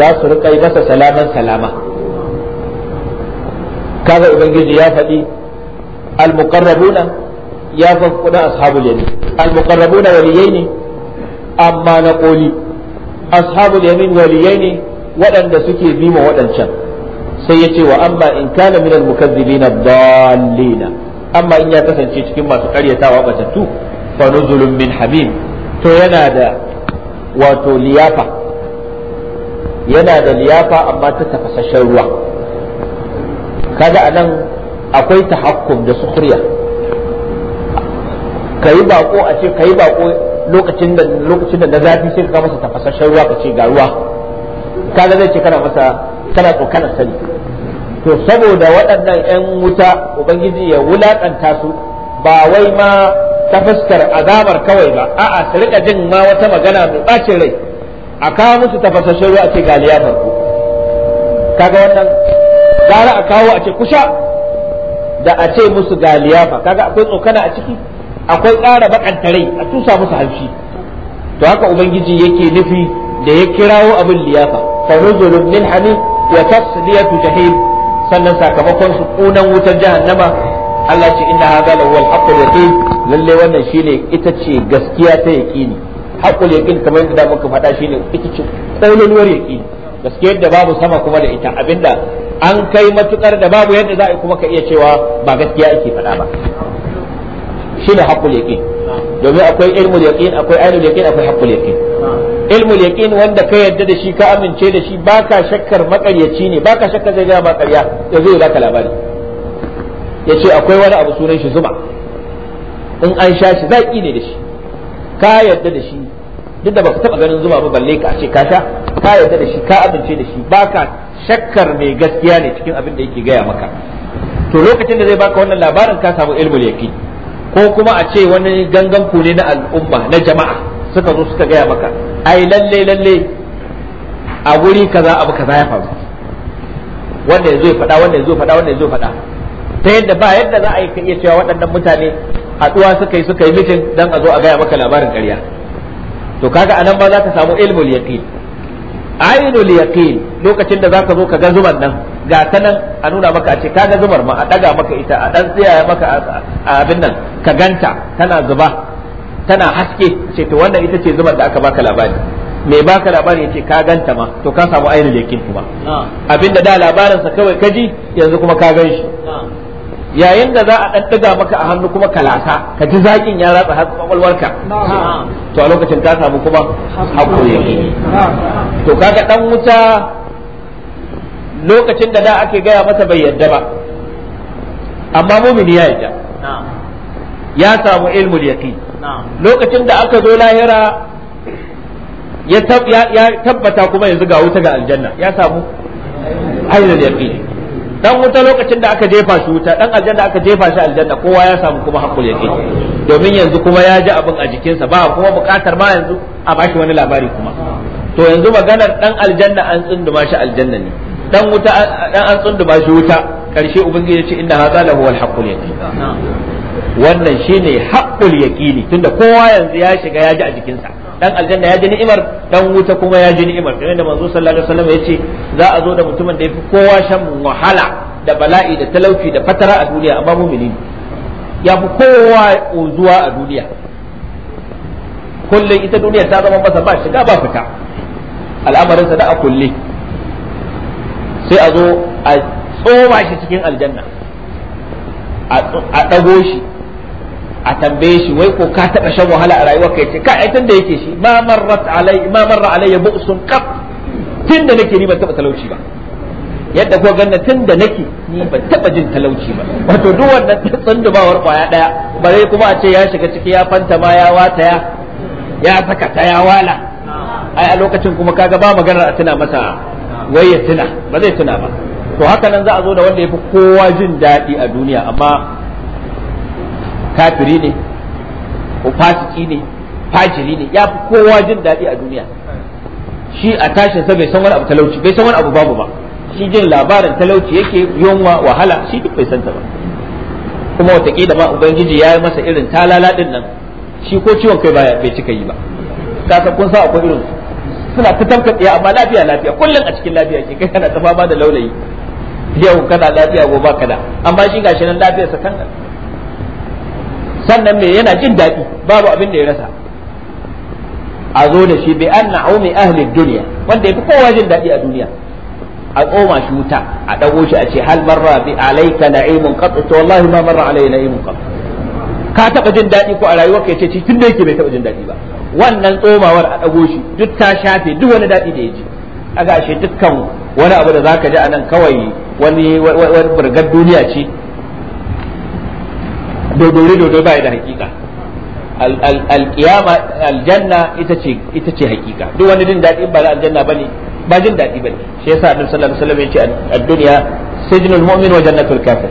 Speaker 3: za su rika yi masa salaman salama kaga ubangiji ya faɗi al-muqarrabuna ya faɗi ashabul yamin al-muqarrabuna waliyai ne amma na ƙoli. ashabul yamin waliyai ne waɗanda suke bi ma waɗancan sai ya ce wa amma in kana min al-mukazzibina dallina amma in ya kasance cikin masu ƙaryatawa batattu fa nuzulun min habib to yana da wato liyafa yana da liyafa amma ta tafasashen ruwa kaga anan akwai tahakkum da ka yi bako a ce yi bako lokacin da lokacin da na zafi sai ka masa tafasashen ruwa ka ce ga ruwa kaga zai ce kana masa kana tsokanar sani to saboda waɗannan 'yan wuta ubangiji ya wulaƙanta su ba wai ma ta fuskar azabar kawai ba a'a su rika jin ma wata magana mai ɓacin rai a kawo musu tafasashen ruwa a ce ga liyafar ku kaga wannan gara a kawo a ce kusha da a ce musu ga liyafa kaga akwai tsokana a ciki akwai ƙara bakanta rai a tusa musu haushi to haka ubangiji yake nufi da ya kirawo abin liyafa fa nuzulun min hamim wa tasliyatu jahim sannan sakamakon su kunan wutar jahannama Allah ce inna hadha lahu al-haqqul yaqin lalle wannan shine ita ce gaskiya ta yaqini haqqul yaƙin kamar yadda muka faɗa shine ita ce kololuwar yaƙin gaske yadda babu sama kuma da ita abinda an kai matukar da babu yadda za a kuma ka iya cewa ba gaskiya ake faɗa ba shine haqqul yaƙin domin akwai ilmu yaƙin akwai ainul yaƙin akwai haqqul yaƙin ilmu yaƙin wanda ka yadda da shi ka amince da shi baka shakkar makaryaci ne baka shakkar zai ga makarya ya yanzu ya baka labari yace akwai wani abu sunan shi zuma in an sha shi zaƙi ne da shi ka yadda da shi duk da baka taba ganin zuma ba balle ka ce ka sha ka yarda da shi ka amince da shi baka shakkar mai gaskiya ne cikin abin da yake gaya maka to lokacin da zai baka wannan labarin ka samu ilmul yaqin ko kuma a ce wani gangan ku ne na al'umma na jama'a suka zo suka gaya maka ai lalle lalle a guri kaza abu kaza ya faru wanda yazo ya faɗa wanda yazo ya faɗa wanda yazo ya faɗa ta yadda ba yadda za a yi ka iya cewa waɗannan mutane haɗuwa suka yi suka yi mitin don a zo a gaya maka labarin ƙarya to kaga anan ba za ka samu ilmul yaqin ainul yaqin lokacin da zaka zo ka ga zumar nan ga ta nan a nuna maka a ce kaga zubar ma a daga maka ita a dan tsaya maka a abin nan ka ganta tana zuba tana haske ce to wannan ita ce zubar da aka baka labari mai baka labari yace ka ganta ma to ka samu ainul yaqin kuma abinda da labarin sa kawai ji, yanzu kuma ka gan shi yayin da za a dan maka a hannu kuma kalasa ka ji zaƙin ya ratsa har kwakwalwarka to a lokacin ka samu kuma hakuri to kaga dan wuta lokacin da da ake gaya masa bai yadda ba amma mumini ya yadda ya samu ilmul yaqin lokacin da aka zo lahira ya tabbata kuma yanzu ga wuta ga aljanna ya samu ainul yaqin dan wuta lokacin da aka jefa shi wuta dan aljanna aka jefa shi aljanna kowa ya samu kuma hakkul yake domin yanzu kuma ya ji abin a jikinsa ba kuma bukatar ma yanzu a bashi wani labari kuma to yanzu maganar dan aljanna an tsunduma shi aljanna ne dan wuta dan an tsunduma shi wuta karshe ubangiji ya ce inna hadha lahu al haqqul yaqin wannan shine haqqul yaqini tunda kowa yanzu ya shiga ya ji a jikinsa dan aljanna ya ji ni'imar dan wuta kuma ya ji ni'imar kamar da manzo sallallahu alaihi wasallam yace za a zo da mutumin da yafi kowa shan wahala da bala'i da talauci da fatara a duniya amma mu'mini ya fi kowa zuwa a duniya kullum ita duniya ta zama masa ba shiga ba fita al'amarinsa da a kulle sai a zo a tsoma shi cikin aljanna a ɗago shi a tambaye shi wai ko ka taba shan wahala a rayuwar ka yace kai tun da yake shi ma marrat alai ma marra alayya bu'sun qat tun da nake ni ban taba talauci ba yadda ko ganna tun da nake ni ban taba jin talauci ba wato duk wannan tsundubawar kwaya daya bare kuma a ce ya shiga ciki ya fanta ma ya wataya ya saka ta ya wala ai a lokacin kuma kaga ba maganar a tuna masa wai ya tuna ba zai tuna ba to haka nan za a zo da wanda ya fi kowa jin daɗi a duniya amma kafiri ne ko fasiki ne fajiri ne ya fi kowa jin daɗi a duniya shi a tashin sa bai san wani abu talauci bai san wani abu babu ba shi jin labarin talauci yake yunwa wahala shi duk bai san ta ba kuma wataƙila ma ubangiji ya yi masa irin talala din nan shi ko ciwon kai baya bai cika yi ba kasa kun sa akwai irin suna ta tankaɗe amma lafiya lafiya kullum a cikin lafiya ke kai kana ta fama da laulayi yau kana lafiya gobe kada amma shi gashi nan lafiyarsa kan sannan me yana jin daɗi babu abin da ya rasa a zo da shi bi an na'umi ahli duniya wanda ya fi kowa jin daɗi a duniya a tsoma shi wuta a ɗago shi a ce hal marra bi alaika na'imun qat to wallahi ma marra alayya na'imun qat ka taɓa jin daɗi ko a rayuwar ka yace tun da yake bai taɓa jin daɗi ba wannan tsomawar a ɗago shi duk ta shafe duk wani daɗi da ya ji kaga ashe dukkan wani abu da zaka ji a nan kawai wani wani burgar duniya ce dodore dogore ba da hakika al aljanna ita ce ita ce hakika duk wani din daɗi ba aljanna bane ba jin daɗi bane shi yasa annabi sallallahu alaihi wasallam ce ad-dunya sijnul mu'min wa jannatul kafir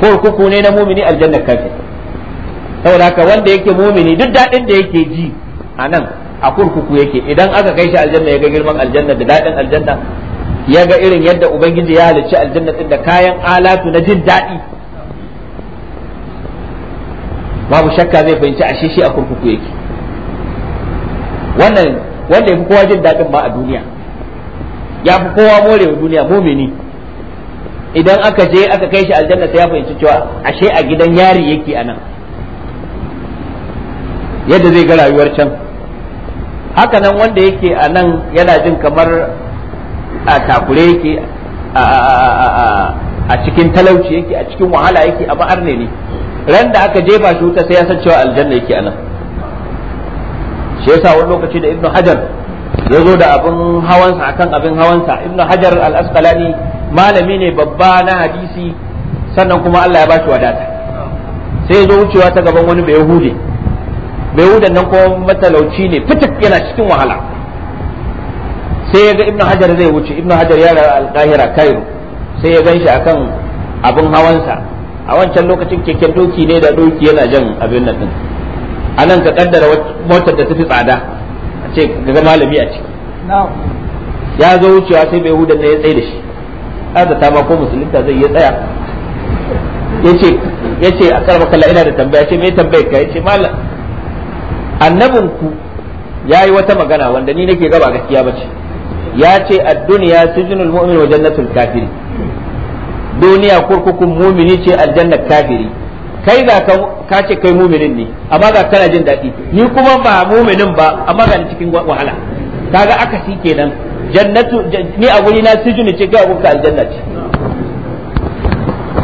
Speaker 3: kurkuku ne na mumini aljanna kafir saboda haka wanda yake mumini duk daɗin da yake ji a nan a kurkuku yake idan aka kai shi aljanna ya ga girman aljanna da daɗin aljanna ya ga irin yadda ubangiji ya halicci aljanna din da kayan alatu na jin daɗi babu shakka zai fahimci ashe shi a kurkuku yake wannan wanda ya fi kowa jin daɗin ba a duniya ya fi kowa morewa duniya mumini idan aka je aka kai shi aljanna sai ya fahimci cewa ashe a gidan yari yake a nan yadda zai ga rayuwar can haka nan wanda yake a nan yana jin kamar a takure yake a cikin talauci yake a cikin wahala yake a ne ne ran da aka jefa shi wuta sai ya san cewa aljanna yake anan shi yasa wani lokaci da ibnu hajar ya zo da abin hawansa akan abin hawansa ibnu hajar al-asqalani malami ne babba na hadisi sannan kuma Allah ya bashi wadata sai ya zo wucewa ta gaban wani bai hude. Bai hude nan kuma matalauci ne fitak yana cikin wahala sai ya ga ibnu hajar zai wuce ibnu hajar ya al-qahira sai ya ganshi akan abin hawansa a wancan lokacin keken doki ne da doki yana jan abin nan din anan ka kaddara motar da tafi tsada a ce ga malami a ce ya zo wucewa sai bai hudan ne ya tsaye da shi ta ma ko musulunta zai ya tsaya ya ce a karba kalla ina da tambaya ce me tambayar ka ya ce malam annabin ku ya yi wata magana wanda ni nake gaba gaskiya ba ce ya ce ad-dunya sijnul mu'min wa jannatul kafiri duniya kurkukun mumini ce aljanna kafiri kai ga ka ce kai muminin ne amma ga kana jin daɗi ni kuma ba muminin ba amma ga cikin wahala kaga aka si kenan jannatu ni a guri na sijini ce ga ka aljanna ce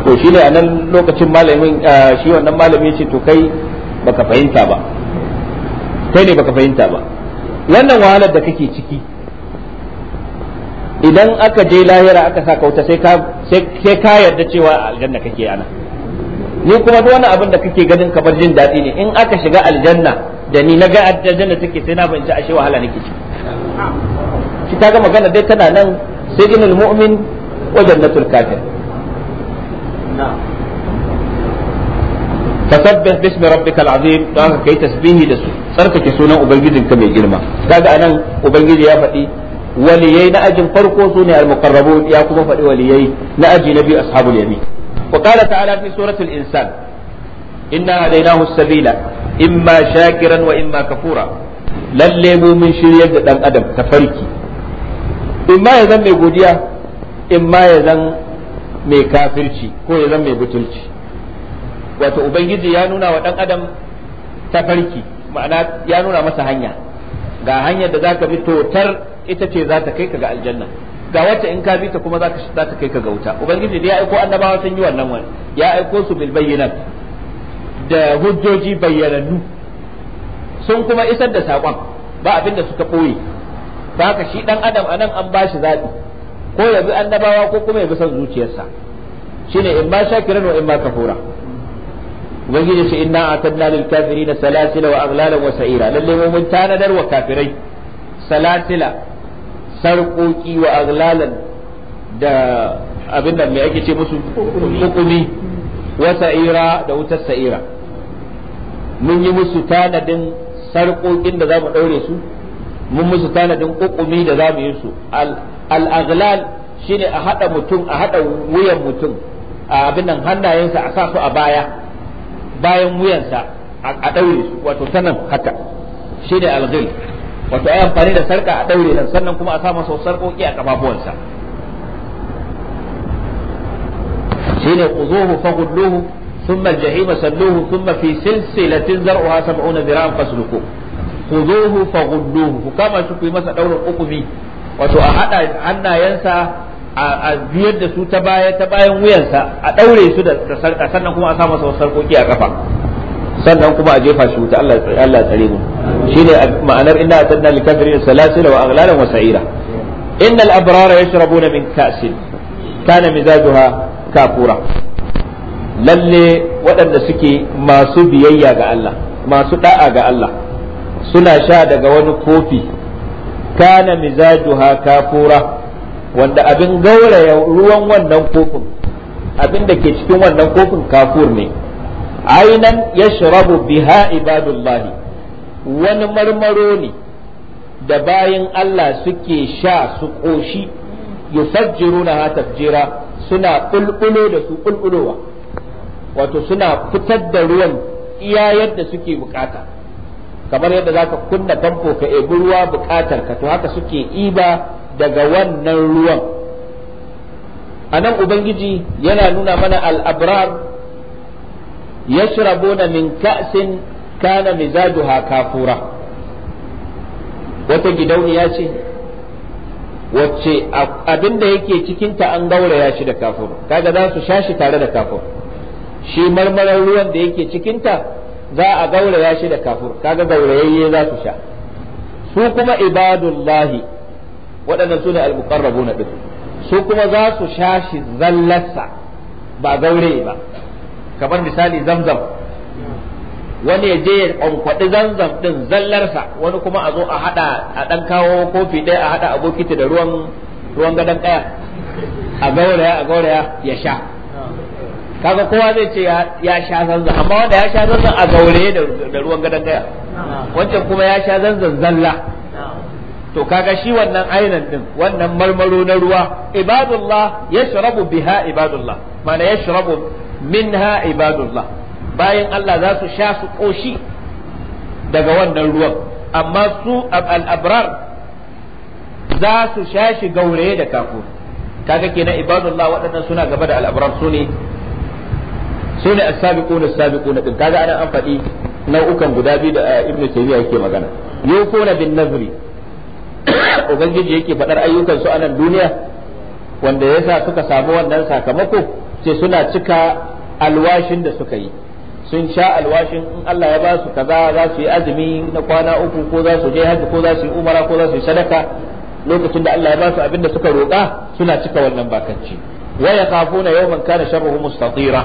Speaker 3: to shine a nan lokacin malamin shi wannan malami ce to kai baka fahimta ba kai ne baka fahimta ba wannan wahalar da kake ciki idan aka je lahira aka sa kauta sai ka sai ka yarda cewa aljanna kake ana ni kuma duk wani abin da kake ganin kamar jin daɗi ne in aka shiga aljanna da ni na ga aljanna take sai na bance ashe wahala nake ci shi kaga magana dai tana nan sayyidul mu'min wa jannatul kafir fasabbih bismi rabbikal azim don haka kai tasbihi da su tsarkake sunan ubangijinka mai girma kaga anan ubangiji ya faɗi waliyai na ajin farko sune al muqarrabu ya kuma faɗi waliyai na aji na biyu ashabul yamin wa qala ta'ala fi suratul insan inna hadaynahu sabila imma shakiran wa imma kafura lalle mu min shiryar da dan adam ta farki imma ya zan mai godiya imma ya zan mai kafirci ko ya zan mai butulci wato ubangiji ya nuna wa dan adam farki ma'ana ya nuna masa hanya ga hanyar da zaka bi totar ita ce za ta kai ka ga aljanna ga wacce in ka bi ta kuma za ta kai ka ga wuta ubangiji da ya aiko annabawa sun yi wannan wani ya aiko su bil bayyinat da hujjoji bayyanannu sun kuma isar da saƙon ba abin da suka ɓoye ba haka shi ɗan adam anan an ba shi zaɓi ko ya bi annabawa ko kuma ya bi son zuciyarsa shine in ma shakiran wa in ma kafura ubangiji shi inna atadna lil kafirin salasila wa aghlala wa sa'ira lalle mu mun tanadar wa kafirai salasila sarƙoƙi wa aglalan da abin da mai ake ce musu hukumi wa sa'ira da wutar sa'ira mun yi musu tanadin sarƙoƙin da za mu ɗaure su mun musu tanadin hukumi da za mu yi su al-aghlal shine a haɗa mutum a haɗa wuyan mutum a abin nan hannayensa a sa su a baya bayan wuyansa a ɗaure su wato tanan haka shine al-ghil wato ya amfani da sarka a daure nan sannan kuma a sa masa sarkoki a kafafuwansa shine quzuhu jahima ثم thumma fi silsilatin zar'uha سلسلة dirham fasluku ذراعا fa خذوه kama su fi masa دور ukubi wato a haɗa hannayensa a biyar da su ta baya ta bayan wuyansa a daure su da sarka sannan kuma a sa masa sarƙoƙi a kafa sannan kuma a jefa shi wuta Allah ya tsare mu shine ma'anar inna atanna lil kafirin salasila wa aghlalan wa sa'ira innal abrara yashrabuna min ka'sin kana mizajuha kafura lalle waɗanda suke masu biyayya ga Allah masu da'a ga Allah suna sha daga wani kofi kana mizajuha kafura wanda abin gauraya ruwan wannan kofin abin da ke cikin wannan kofin kafur ne ainan yashrabu biha ibadullahi wani marmaro ne da bayan Allah suke sha su ƙoshi na ha tafjira suna ƙulƙulo da su ƙulƙulowa wato suna fitar da ruwan iya yadda suke bukata kamar yadda za ka kunna famfo ka ebi ruwa bukatar ka to haka suke iba daga wannan ruwan a nan ubangiji yana nuna mana al'abrar yashrabuna min ka'sin kana mizajuha kafura wata gidauniya ce wacce abinda yake cikinta an gauraya shi da kafur kaga za su sha shi tare da kafur shi marmarar ruwan da yake cikinta za a gauraya shi da kafur kaga gaurayayye za su sha su kuma ibadullahi waɗannan su ne almuqarrabu na ɗin su kuma za su sha shi zallarsa ba gaure ba kamar misali zamzam wani ya je ya kwankwaɗi zanzam ɗin zallarsa wani kuma a zo a haɗa a ɗan kawo kofi ɗaya a haɗa a bokiti da ruwan ruwan gadon ɗaya a gauraya a gauraya ya sha kaga kowa zai ce ya sha zanzan amma wanda ya sha zanzan a gauraye da ruwan gadon ɗaya wancan kuma ya sha zanzan zalla to kaga shi wannan ainan din wannan marmaro na ruwa ibadullah yashrabu biha ibadullah ma'ana yashrabu minha ibadullah bayan Allah za su sha su ƙoshi daga wannan ruwan amma su al'abrar za su sha shi gauraye da kako kaga kenan ibadullah waɗannan suna gaba da al'abrar su ne su ne as na as na din kaga anan an faɗi nau'ukan guda biyu da eh, ibnu taymiya yake magana yukuna bin nazri ubangiji yake faɗar ayyukan su anan duniya wanda yasa suka samu wannan sakamako sai suna cika alwashin da suka yi sun sha alwashin in Allah ya ba su kaza za su yi azumi na kwana uku ko za su je hajji ko za su yi umara ko za su yi sadaka lokacin da Allah ya ba su abin da suka roƙa suna cika wannan bakanci wa yakhafuna yawman kana sharruhu mustatira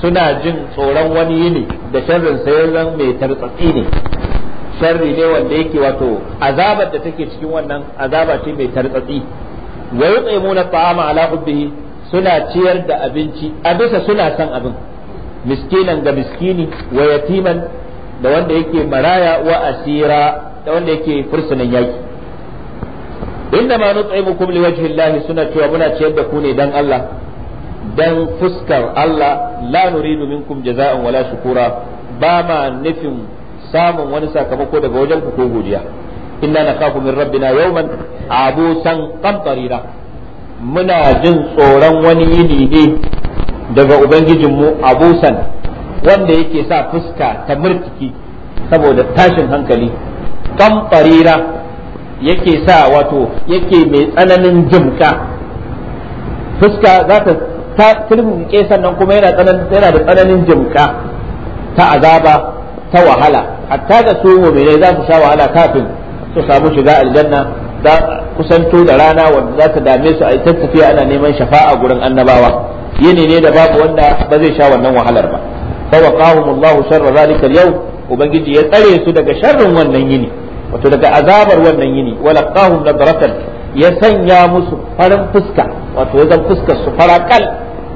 Speaker 3: suna jin tsoron wani yini da sharrin sa ya mai tartsatsi ne sharri ne wanda yake wato azabar da take cikin wannan azaba ce mai tartsatsi wa na ta'ama ala hubbihi suna ciyar da abinci a bisa suna san abin miskinan ga miskini wa yatiman da wanda yake maraya wa asira da wanda yake fursunan yaki inda ma nut'imukum liwajhi Allah suna cewa muna ciyar da ku ne dan Allah dan fuskar Allah la nuridu minkum jaza'an wala shukura ba ma nufin samun wani sakamako daga wajen ku ko godiya inna nakhafu min rabbina yawman abusan qamtarira muna jin tsoron wani yini ne daga ubangijinmu abusan wanda yake sa fuska ta murtiki saboda tashin hankali kamfarira yake sa wato yake mai tsananin jimka fuska za ta turmuke sannan kuma yana da tsananin jimka ta azaba ta wahala hatta da su mu'minai za su sha wahala kafin su samu shiga aljanna da kusanto da rana wanda za ta dame su a yi tafiya ana neman shafa'a gurin annabawa yini ne da babu wanda ba zai sha wannan wahalar ba fa Allah sharra zalika al-yawm ubangiji ya tsare su daga sharrin wannan yini wato daga azabar wannan yini walaqahum nadratan ya sanya musu farin fuska wato ya zan fuskar su farakal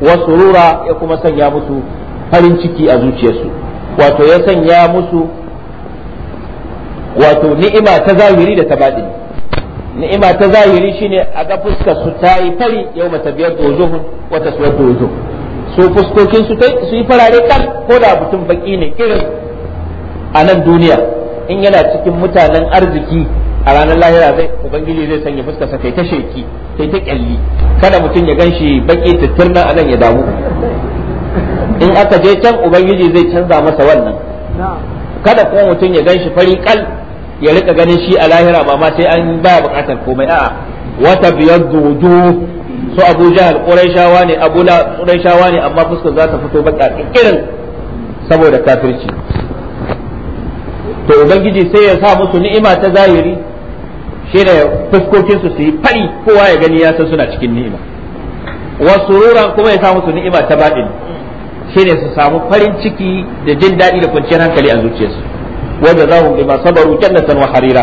Speaker 3: wa surura ya kuma sanya musu farin ciki a zuciyarsu wato ya sanya musu wato ni'ima ta zahiri da ta batini ni'ima ta zahiri shine a ga fuskar su ta yi fari yau mata biyar wata su wata wujuh su fuskokin su su yi farare kan ko da mutum baki ne irin a nan duniya in yana cikin mutanen arziki a ranar lahira zai ubangiji zai sanya fuskar sa kai ta sheki kai ta kyalli kada mutum ya ganshi baki titirna a nan ya damu in aka je can ubangiji zai canza masa wannan kada kuma mutum ya ganshi fari kal ya rika ganin shi a lahira ba ma sai an baya bukatar komai a'a wata biyar wujuh su Abu Jahl Qurayshawa ne Abu La Qurayshawa ne amma fuskar za ta fito baka irin saboda kafirci to ubangiji sai ya sa musu ni'ima ta zahiri ne fuskokin su su yi fari kowa ya gani ya san suna cikin ni'ima wa ruran kuma ya sa musu ni'ima ta baɗin ne su samu farin ciki da jin daɗi da kwanciyar hankali a zuciyarsu wajazahum bima sabaru jannatan wa harira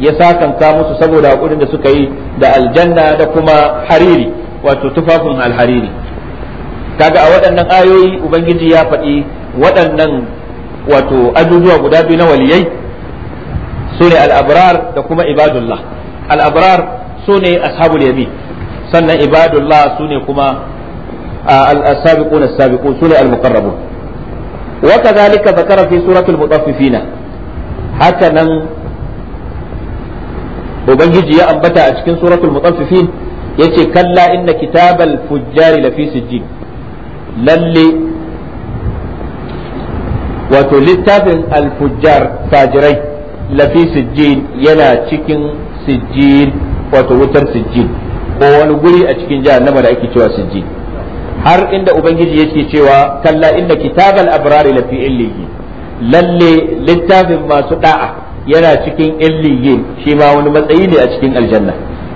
Speaker 3: ya sakanka musu saboda hakurin da suka yi da aljanna da kuma hariri wato tufafin alhariri kaga a waɗannan ayoyi ubangiji ya faɗi waɗannan wato ajujuwa guda biyu na waliyai su ne al'abrar da kuma ibadullah al'abrar su ne ashabul yamin sannan ibadullah su ne kuma al-sabiqun as-sabiqun su ne al-muqarrabun وكذلك ذكر في سورة المطففين haka nan ubangiji ya ambata a cikin suratul mutaffifin yace kalla inna kitabal fujjari lafi sijjin lalle wato littafin al-fujjar fajirai lafi sijjin yana cikin sijjin wato wutar sijjin ko wani guri a cikin jahannama da ake cewa sijjin har inda ubangiji yake cewa kalla inna kitabal abrari lafi illiyin lalle littafin masu da'a yana cikin illiyin shi ma wani matsayi ne a cikin aljanna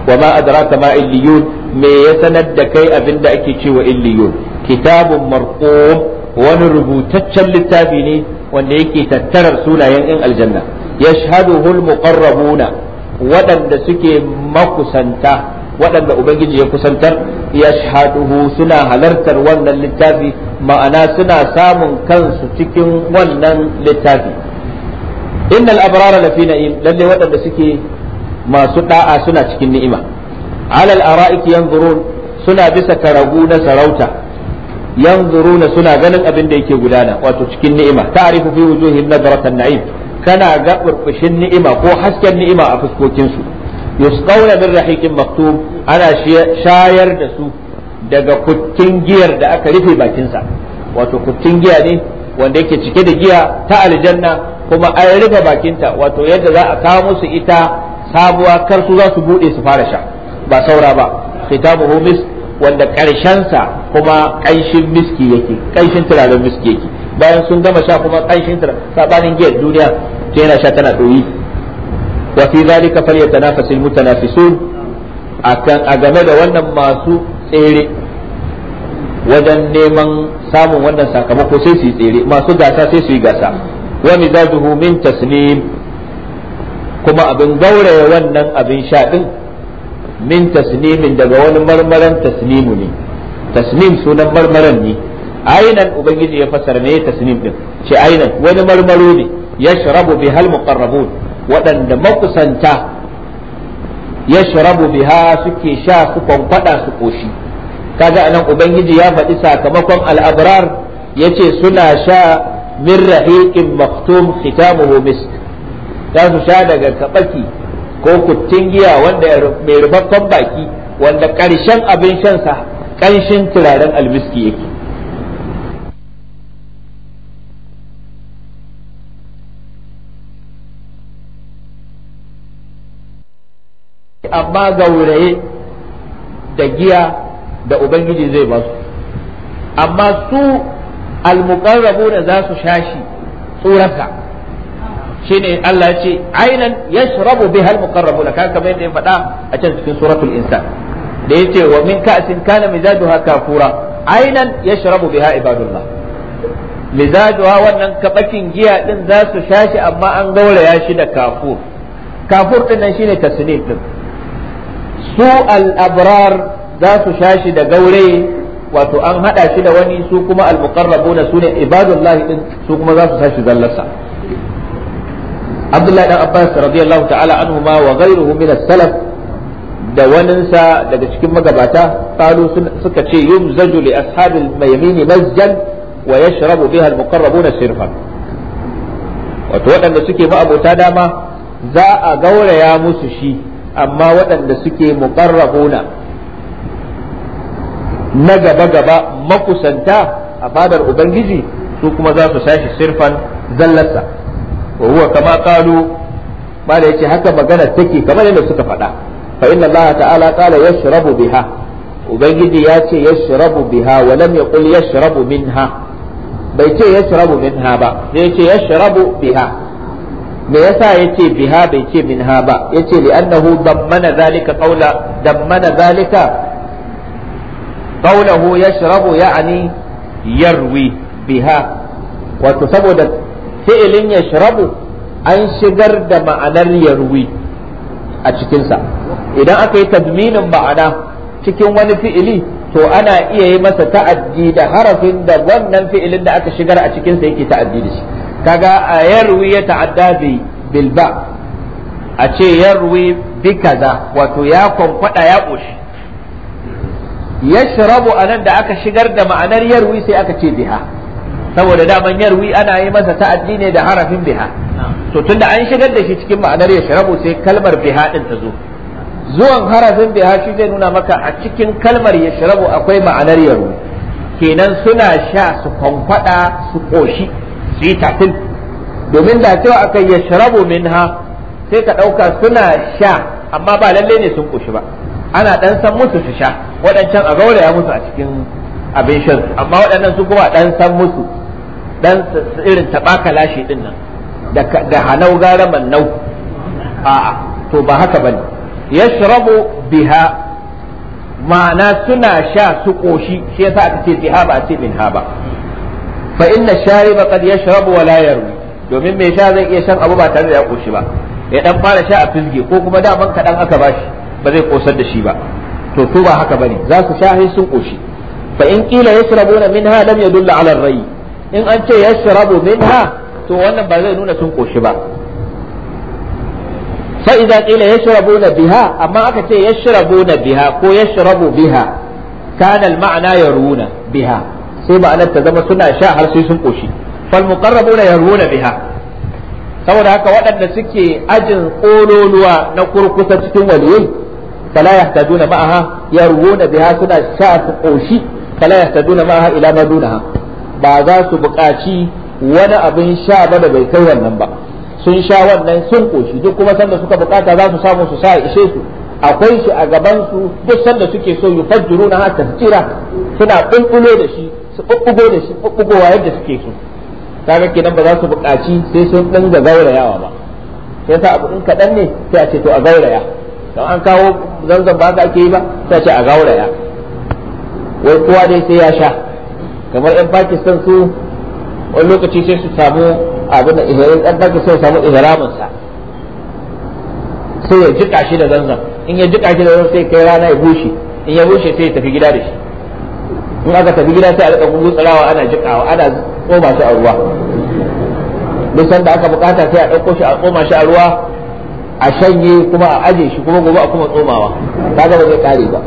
Speaker 3: wa ma adraka ma illiyun me ya sanar da kai abinda ake cewa illiyun kitabun marqum wani rubutaccen littafi ne wanda yake tattarar sunayen in aljanna yashhaduhu almuqarrabuna waɗanda suke makusanta waɗanda ubangiji ya kusantar shahaduhu suna halartar wannan littafi ma'ana suna samun kansu cikin wannan littafi innal abrara lafi na'im lalle waɗanda suke masu da'a suna cikin ni'ima alal ara'iki yanzurun suna bisa karagu na sarauta yanzuruna suna ganin abin da yake gudana wato cikin ni'ima ta'rifu fi wujuhin nadratan na'im kana ga burbushin ni'ima ko hasken ni'ima a fuskokin su yusqawna min rahiqin maktum ana shayar da su daga kuttin giyar da aka rufe bakinsa wato kuttin giya ne wanda yake cike da giya ta aljanna kuma an rufe bakinta wato yadda za a kawo musu ita sabuwa kar su za su bude su fara sha ba saura ba khitabuhu mis wanda karshen sa kuma kanshin miski yake kanshin turaren miski yake bayan sun gama sha kuma kanshin sabanin giyar duniya ta yana sha tana doyi wa fi zalika falyatanafasul mutanafisun akan a game da wannan masu tsere wajen neman samun wannan sakamako sai su yi tsere masu gasa sai su yi gasa wa mizajuhu min tasnim kuma abin gauraya wannan abin sha min tasnimin daga wani marmaran tasnimu ne tasnim sunan marmaran ne ainan ubangiji ya fassara ne tasnim din ce ainan wani marmaro ne yashrabu bihal muqarrabun waɗanda makusanta ya shirabu biha suke sha su kwankwada su koshi kaga anan ubangiji ya faɗi sakamakon al'abrar ya ce suna sha min rahiqin maktum khitamuhu misk za su sha daga kabaki ko kuttin giya wanda mai rufaffen baki wanda ƙarshen abin shansa ƙanshin turaren almiski yake amma gauraye da giya da ubangiji zai ba su amma su da za su shashi tsurarsa shine Allah ya ce ainan yashrabu biha almuqarrabuna kan kamar yadda ya faɗa a can cikin suratul insan da ya ce wa min ka'sin kana mizajuha kafura ainan yashrabu biha ibadullah mizajuha wannan kabakin giya din za su shashi amma an gauraya shi da kafur kafur din nan shine tasnif din su al-abrar za su shi da gaure wato an haɗa shi da wani su kuma al na sune ibadullahi din su kuma za su shi zallarsa Abdullahi dan Abbas radiyallahu ta'ala anhuma wa ghayruhu min as-salaf da waninsa daga cikin magabata qalu suka ce yumzaju li ashabil maymin mazjan wa yashrabu biha al-muqarrabuna sirfan wato waɗanda suke abota dama za a gauraya musu shi amma waɗanda suke muqarrabuna na gaba-gaba makusanta a fadar ubangiji su kuma za su sashi sirfan zallarsa wa huwa kama qalu mala yace haka magana take kamar yadda suka faɗa fa inna allaha ta'ala qala yashrabu biha ubangiji ya ce yashrabu biha wa lam yaqul yashrabu minha bai ce yashrabu minha ba sai ya ce yashrabu biha me yasa yace biha bai ce minha ba yace li annahu dammana zalika qawla dammana zalika qawluhu yashrabu ya'ni yarwi biha wato saboda fi'ilin yashrabu an shigar da ma'anar yarwi a cikinsa idan aka yi tadminin ma'ana cikin wani fi'ili to ana iya yi masa ta'addi da harafin da wannan fi'ilin da aka shigar a cikinsa yake ta'addi da shi kaga yarwi ya ta'adda bi bilba a ce yarwi bi kaza wato ya kwankwada ya ƙoshi a nan da aka shigar da ma'anar yarwi sai aka ce biha saboda daman yarwi ana yi masa ta'addi ne da harafin biha to tunda an shigar da shi cikin ma'anar ya shirabu sai kalmar biha din ta zo zuwan harafin biha shi zai nuna maka a cikin kalmar ya shirabu akwai ma'anar yarwi kenan suna sha su kwankwada su ƙoshi su yi takul domin da cewa aka min minha sai ka ɗauka suna sha amma ba lalle ne sun ƙoshi ba ana ɗan san musu su sha waɗancan a gauraya musu a cikin abin shan su amma waɗannan su kuma ɗan san musu ɗan irin taɓaka lashe ɗin nan da hanau gara mannau a'a to ba haka ba ne ya shirabu biha ma'ana suna sha su ƙoshi shi yasa aka ce biha ba a ce min ha ba fa inna shariba qad yashrabu wa la yarwi domin mai sha zai iya shan abu ba tare da ya koshi ba ya dan fara sha a fizge ko kuma ban kadan aka bashi ba zai kosar da shi ba to to ba haka bane za su sha sun koshi fa in qila yashrabuna minha lam yadulla ala ar-ray in an ce yashrabu minha to wannan ba zai nuna sun koshi ba fa idza qila na biha amma aka ce yashrabuna biha ko yashrabu biha kana al-ma'na yaruna biha sai ma'anar ta zama suna sha har sai sun koshi fal muqarrabuna yaruna biha saboda haka waɗanda suke ajin kololuwa na kurkusa cikin waliyai fala yahtajuna ma'aha yaruna biha suna sha su koshi fala yahtajuna ma'aha ila madunaha ba za su buƙaci wani abin sha ba da bai kai wannan ba sun sha wannan sun koshi duk kuma sanda suka bukata za su samu su sa ishe su akwai shi a gaban su duk sanda suke so yufajjiruna ha tasjira suna kulkulo da shi su ɓuɓɓugo da shi bubbugowa yadda suke so kaga kenan ba za su buƙaci sai sun ɗan ga gaurayawa ba sai sa abu in kaɗan ne sai a ce to a gauraya don an kawo zanzan ba ka ake yi ba sai a ce a gauraya wai kowa dai sai ya sha kamar yan pakistan su wani lokaci sai su samu abin da ihramin ɗan pakistan su samu ihramin sa sai ya jika shi da zanzan in ya jika shi da zanzan sai kai rana ya bushe in ya bushe sai ya tafi gida da shi in aka tafi gida sai a rika tsirawa ana jikawa ana tsoma shi a ruwa duk sanda aka bukata sai a ɗauko shi a tsoma shi a ruwa a shanye kuma a aje shi kuma gobe a kuma tsomawa ta gaba zai kare ba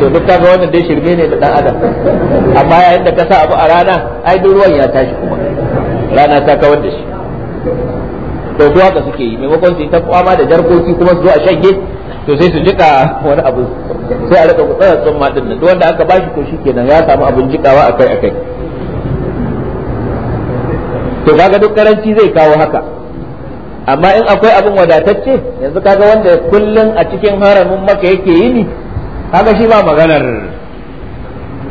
Speaker 3: to duk kaga wannan dai shirme ne da dan adam amma yayin da ka sa abu a rana ai duk ruwan ya tashi kuma rana ta kawar da shi to duk haka suke yi maimakon su yi ta kwama da jarkoki kuma su zo a shanye to sai su jika wani abu sai a rika gutsara tsumma matan nan wanda aka ba shi ko kenan ya samu abin jikawa akai akai to kaga duk karanci zai kawo haka amma in akwai abin wadatacce yanzu kaga wanda kullun a cikin haramin maka yake yi ni kaga shi ba maganar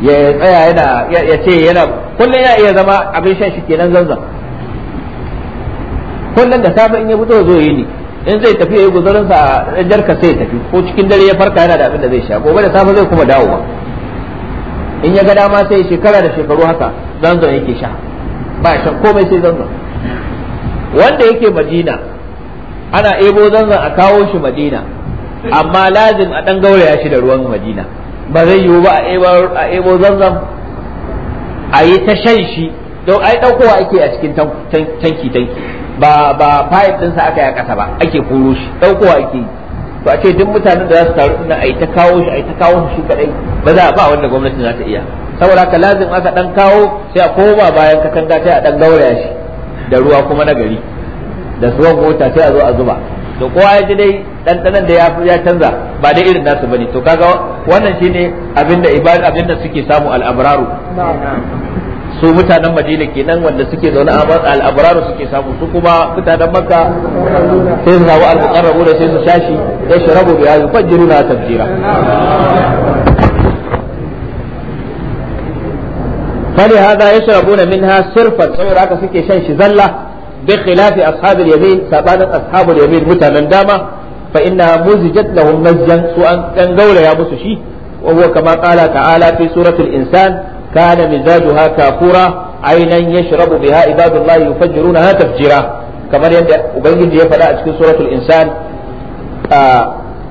Speaker 3: ya tsaya yana ya ce yana kullun ya iya zama abin shan shi kenan zanzan kullun da safe in ya fito zo yi ni in zai tafi ya yi guzurinsa a jarka sai ya tafi ko cikin dare ya farka yana da abin da zai sha gobe da safe zai kuma dawowa in ya ga dama sai shekara da shekaru haka zanzan yake sha ba shan komai sai zanzan wanda yake madina ana ebo zanzan a kawo shi madina amma lazim a dan gauraya shi da ruwan madina ba zai yiwu ba a ebo zanzan a yi ta shan shi don ai ɗaukowa ake a cikin tanki tanki ba ba fayil din sa aka yi a kasa ba ake koro shi daukowa ake to ake ce duk mutanen da za su taru ina ai ta kawo shi ai ta kawo shi kadai ba za ba wanda gwamnati za ta iya saboda haka lazim aka dan kawo sai a koma bayan katanga sai a dan gauraya shi da ruwa kuma na gari da suwan mota sai a zo a zuba to kowa ya ji dai dandanan da ya canza ba dai irin nasu bane to kaga wannan shine abinda ibad abinda suke samu al'abraru su mutanen madina kenan wanda suke zaune a al'abraru suke samu su kuma mutanen makka sai su samu al-muqarrabu da sai su shashi ya sharabu bi kwan fajiru na tafjira fali hada min minha sirfar saboda haka suke shan shi zalla bi khilafi ashabil yamin sabanin ashabul yamin mutanen dama fa inna muzijat lahum najjan su an ya musu shi wa huwa kama qala ta'ala fi suratul insan kana mizajuha kafura ainan yashrabu biha ibadullahi yufajjirunaha tafjira kamar yadda ubangiji ya faɗa a cikin suratul insan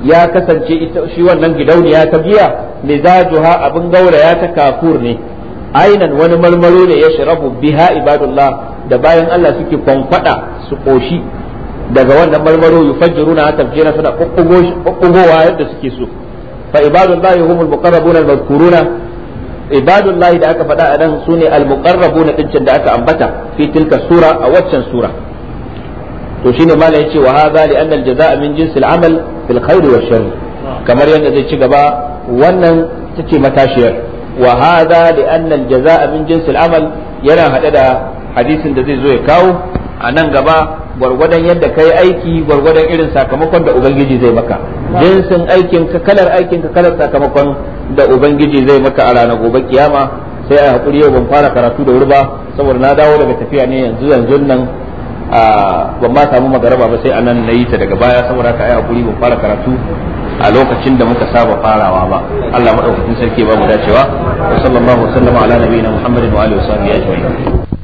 Speaker 3: ya kasance shi wannan gidauniya ta giya mizajuha abin gauraya ta kafur ne ainan wani marmaro ne yashrabu biha ibadullah da bayan Allah suke kwankwada su koshi daga wannan marmaro yufajjiruna tafjira suna kokkogowa yadda suke so fa ibadullahi humul muqarrabuna al-madhkuruna ibadullahi da aka faɗa a nan sune al na dincin da aka ambata fi tilka sura a waccan sura to shine ne yace wa hadha za anna al-jazaa min jinsil amal fil khair wa kamar yadda zai ci gaba wannan ce matashiyar wa hadha li anna al-jazaa min jinsil amal yana haɗe da hadisin da zai zo ya kawo a nan gaba gwargwadon yadda kai aiki gwargwadon irin sakamakon da ubangiji zai maka jinsin aikin ka kalar aikin ka kalar sakamakon da ubangiji zai maka a ranar gobe kiyama sai a hakuri yau ban fara karatu da wuri ba saboda na dawo daga tafiya ne yanzu yanzu nan a ban ma samu magaraba ba sai anan na yi ta daga baya saboda ka ai hakuri ban fara karatu a lokacin da muka saba farawa ba Allah madaukakin sarki ba mu dacewa sallallahu alaihi wa sallam ala nabiyina muhammadin wa alihi wa